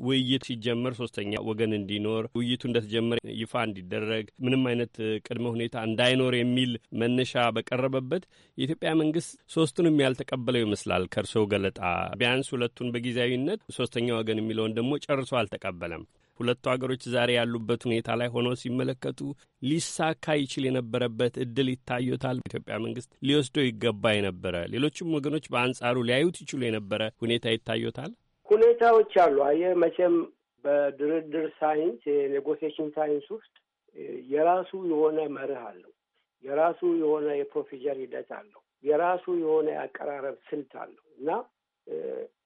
Speaker 4: ውይይት ሲጀመር ሶስተኛ ወገን እንዲኖር ውይይቱ እንደተጀመረ ይፋ እንዲደረግ ምንም አይነት ቅድመ ሁኔታ እንዳይኖር የሚል መነሻ በቀረበበት የኢትዮጵያ መንግስት ሶስቱንም ያልተቀበለው ይመስላል። ከእርስዎ ገለጣ ቢያንስ ሁለቱን በጊዜያዊነት ሶስተኛ ወገን የሚለውን ደግሞ ጨርሶ አልተቀበለም። ሁለቱ አገሮች ዛሬ ያሉበት ሁኔታ ላይ ሆነው ሲመለከቱ ሊሳካ ይችል የነበረበት እድል ይታዩታል። ኢትዮጵያ መንግስት ሊወስደው ይገባ የነበረ ሌሎችም ወገኖች በአንጻሩ ሊያዩት ይችሉ የነበረ ሁኔታ ይታዩታል።
Speaker 6: ሁኔታዎች አሉ። አየህ መቼም በድርድር ሳይንስ የኔጎሴሽን ሳይንስ ውስጥ የራሱ የሆነ መርህ አለው። የራሱ የሆነ የፕሮሲጀር ሂደት አለው። የራሱ የሆነ የአቀራረብ ስልት አለው እና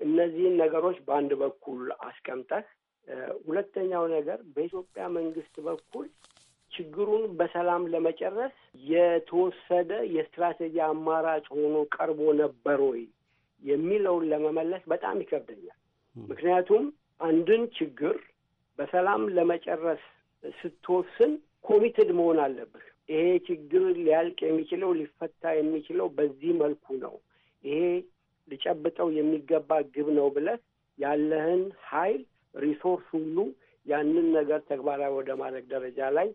Speaker 6: እነዚህን ነገሮች በአንድ በኩል አስቀምጠህ ሁለተኛው ነገር በኢትዮጵያ መንግስት በኩል ችግሩን በሰላም ለመጨረስ የተወሰደ የስትራቴጂ አማራጭ ሆኖ ቀርቦ ነበር ወይ የሚለውን ለመመለስ በጣም ይከብደኛል። ምክንያቱም አንድን ችግር በሰላም ለመጨረስ ስትወስን ኮሚትድ መሆን አለብህ። ይሄ ችግር ሊያልቅ የሚችለው ሊፈታ የሚችለው በዚህ መልኩ ነው፣ ይሄ ሊጨብጠው የሚገባ ግብ ነው ብለህ ያለህን ኃይል ሪሶርስ ሁሉ ያንን ነገር ተግባራዊ ወደ ማድረግ ደረጃ ላይ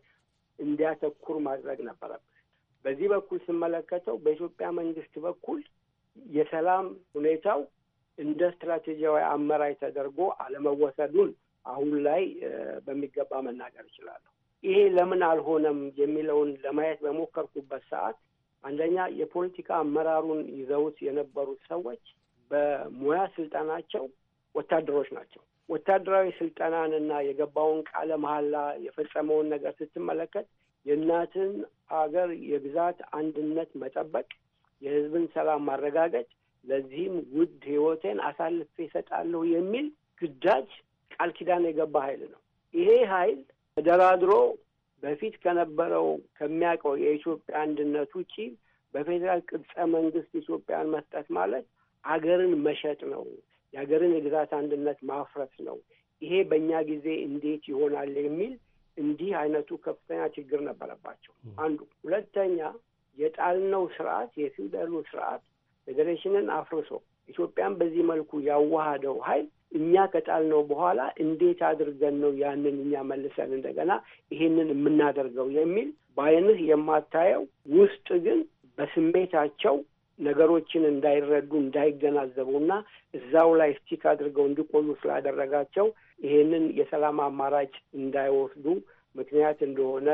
Speaker 6: እንዲያተኩር ማድረግ ነበረበት። በዚህ በኩል ስመለከተው በኢትዮጵያ መንግስት በኩል የሰላም ሁኔታው እንደ ስትራቴጂያዊ አመራይ ተደርጎ አለመወሰዱን አሁን ላይ በሚገባ መናገር እችላለሁ። ይሄ ለምን አልሆነም የሚለውን ለማየት በሞከርኩበት ሰዓት አንደኛ የፖለቲካ አመራሩን ይዘውት የነበሩት ሰዎች በሙያ ስልጣናቸው ወታደሮች ናቸው። ወታደራዊ ስልጠናን እና የገባውን ቃለ መሐላ የፈጸመውን ነገር ስትመለከት የእናትን አገር የግዛት አንድነት መጠበቅ፣ የህዝብን ሰላም ማረጋገጥ፣ ለዚህም ውድ ህይወቴን አሳልፌ እሰጣለሁ የሚል ግዳጅ ቃል ኪዳን የገባ ኃይል ነው። ይሄ ኃይል ተደራድሮ በፊት ከነበረው ከሚያውቀው የኢትዮጵያ አንድነት ውጪ በፌዴራል ቅርጸ መንግስት ኢትዮጵያን መስጠት ማለት አገርን መሸጥ ነው የሀገርን የግዛት አንድነት ማፍረስ ነው። ይሄ በእኛ ጊዜ እንዴት ይሆናል የሚል እንዲህ አይነቱ ከፍተኛ ችግር ነበረባቸው። አንዱ ሁለተኛ የጣልነው ስርዓት የፊውደሉ ስርዓት ፌዴሬሽንን አፍርሶ ኢትዮጵያን በዚህ መልኩ ያዋሃደው ኃይል እኛ ከጣልነው በኋላ እንዴት አድርገን ነው ያንን እኛ መልሰን እንደገና ይሄንን የምናደርገው የሚል በአይንህ የማታየው ውስጥ ግን በስሜታቸው ነገሮችን እንዳይረዱ እንዳይገናዘቡ እና እዛው ላይ ስቲክ አድርገው እንዲቆዩ ስላደረጋቸው ይሄንን የሰላም አማራጭ እንዳይወስዱ ምክንያት እንደሆነ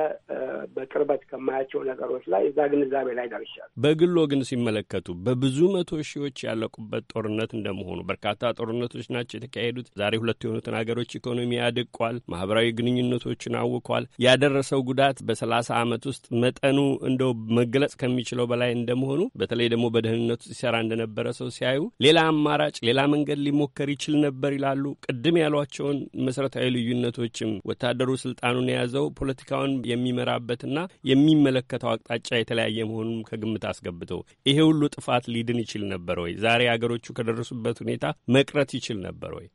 Speaker 6: በቅርበት ከማያቸው ነገሮች ላይ እዛ ግንዛቤ ላይ ደርሻል።
Speaker 4: በግሎ ግን ሲመለከቱ በብዙ መቶ ሺዎች ያለቁበት ጦርነት እንደመሆኑ በርካታ ጦርነቶች ናቸው የተካሄዱት። ዛሬ ሁለት የሆኑትን ሀገሮች ኢኮኖሚ አድቋል፣ ማህበራዊ ግንኙነቶችን አውኳል። ያደረሰው ጉዳት በሰላሳ አመት ውስጥ መጠኑ እንደው መገለጽ ከሚችለው በላይ እንደመሆኑ በተለይ ደግሞ በደህንነቱ ሲሰራ እንደነበረ ሰው ሲያዩ ሌላ አማራጭ ሌላ መንገድ ሊሞከር ይችል ነበር ይላሉ። ቅድም ያሏቸውን መሰረታዊ ልዩነቶችም ወታደሩ ስልጣኑን የያዘ የያዘው ፖለቲካውን የሚመራበትና የሚመለከተው አቅጣጫ የተለያየ መሆኑን ከግምት አስገብቶ ይሄ ሁሉ ጥፋት ሊድን ይችል ነበር ወይ? ዛሬ አገሮቹ ከደረሱበት ሁኔታ መቅረት ይችል ነበር ወይ?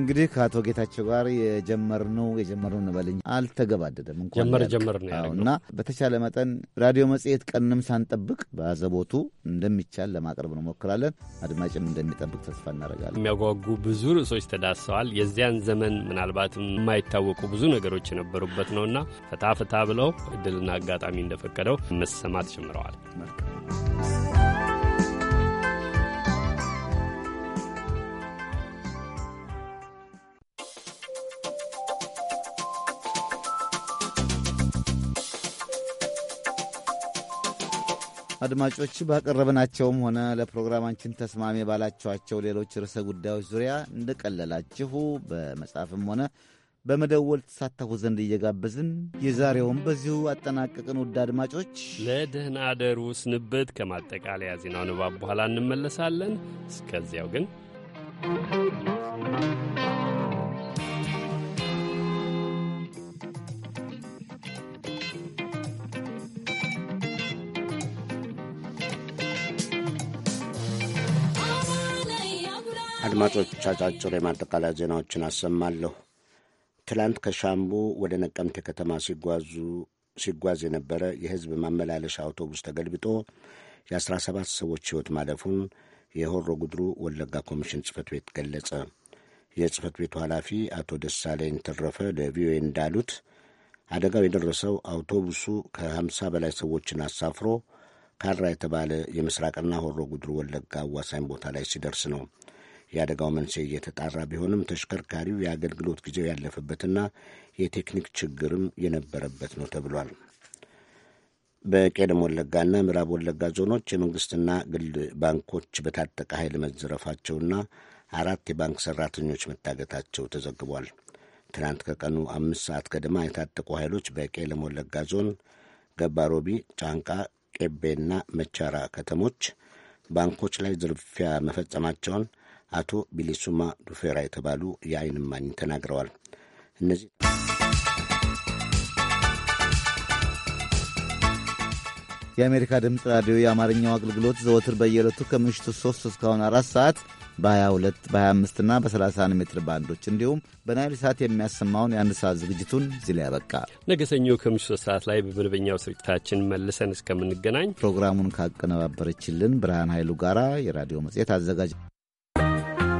Speaker 3: እንግዲህ ከአቶ ጌታቸው ጋር የጀመርነው የጀመርነው እንበልኝ አልተገባደደም እንኳን ጀመር ጀመር እና በተቻለ መጠን ራዲዮ መጽሔት ቀንም ሳንጠብቅ በአዘቦቱ እንደሚቻል ለማቅረብ እንሞክራለን። አድማጭም እንደሚጠብቅ ተስፋ እናደርጋለን።
Speaker 4: የሚያጓጉ ብዙ ርዕሶች ተዳሰዋል። የዚያን ዘመን ምናልባትም የማይታወቁ ብዙ ነገሮች የነበሩበት ነውና ፈታ ፈታ ብለው እድልና አጋጣሚ እንደፈቀደው መሰማት ጀምረዋል።
Speaker 3: አድማጮች ባቀረብናቸውም ሆነ ለፕሮግራማችን ተስማሚ ባላችኋቸው ሌሎች ርዕሰ ጉዳዮች ዙሪያ እንደቀለላችሁ በመጻፍም ሆነ በመደወል ትሳተፉ ዘንድ እየጋበዝን የዛሬውን በዚሁ አጠናቀቅን። ውድ አድማጮች
Speaker 4: ለደህና አደሩ ስንብት ከማጠቃለያ ዜናው ንባብ በኋላ እንመለሳለን። እስከዚያው ግን
Speaker 7: አድማጮቻቻቸው አጫጭር የማጠቃለያ ዜናዎችን አሰማለሁ። ትላንት ከሻምቡ ወደ ነቀምቴ ከተማ ሲጓዙ ሲጓዝ የነበረ የሕዝብ ማመላለሻ አውቶቡስ ተገልብጦ የ17 ሰዎች ሕይወት ማለፉን የሆሮ ጉድሩ ወለጋ ኮሚሽን ጽህፈት ቤት ገለጸ። የጽህፈት ቤቱ ኃላፊ አቶ ደሳለኝ ተረፈ ለቪኦኤ እንዳሉት አደጋው የደረሰው አውቶቡሱ ከ50 በላይ ሰዎችን አሳፍሮ ካራ የተባለ የምስራቅና ሆሮ ጉድሩ ወለጋ አዋሳኝ ቦታ ላይ ሲደርስ ነው። የአደጋው መንስኤ እየተጣራ ቢሆንም ተሽከርካሪው የአገልግሎት ጊዜው ያለፈበትና የቴክኒክ ችግርም የነበረበት ነው ተብሏል። በቄለም ወለጋና ምዕራብ ወለጋ ዞኖች የመንግስትና ግል ባንኮች በታጠቀ ኃይል መዘረፋቸውና አራት የባንክ ሠራተኞች መታገታቸው ተዘግቧል። ትናንት ከቀኑ አምስት ሰዓት ገደማ የታጠቁ ኃይሎች በቄለም ወለጋ ዞን ገባሮቢ፣ ጫንቃ፣ ቄቤና መቻራ ከተሞች ባንኮች ላይ ዝርፊያ መፈጸማቸውን አቶ ቢሊሱማ ዱፌራ የተባሉ የአይን እማኝ ተናግረዋል። እነዚህ የአሜሪካ ድምፅ
Speaker 3: ራዲዮ የአማርኛው አገልግሎት ዘወትር በየዕለቱ ከምሽቱ 3 እስካሁን 4 ሰዓት በ22 በ25 እና በ31 ሜትር ባንዶች እንዲሁም በናይል ሰዓት የሚያሰማውን የአንድ ሰዓት ዝግጅቱን እዚህ ላይ ያበቃ።
Speaker 4: ነገ ሰኞ ከምሽቱ ሰዓት ላይ በመደበኛው ስርጭታችን መልሰን እስከምንገናኝ
Speaker 3: ፕሮግራሙን ካቀነባበረችልን ብርሃን ኃይሉ ጋራ የራዲዮ መጽሔት አዘጋጅ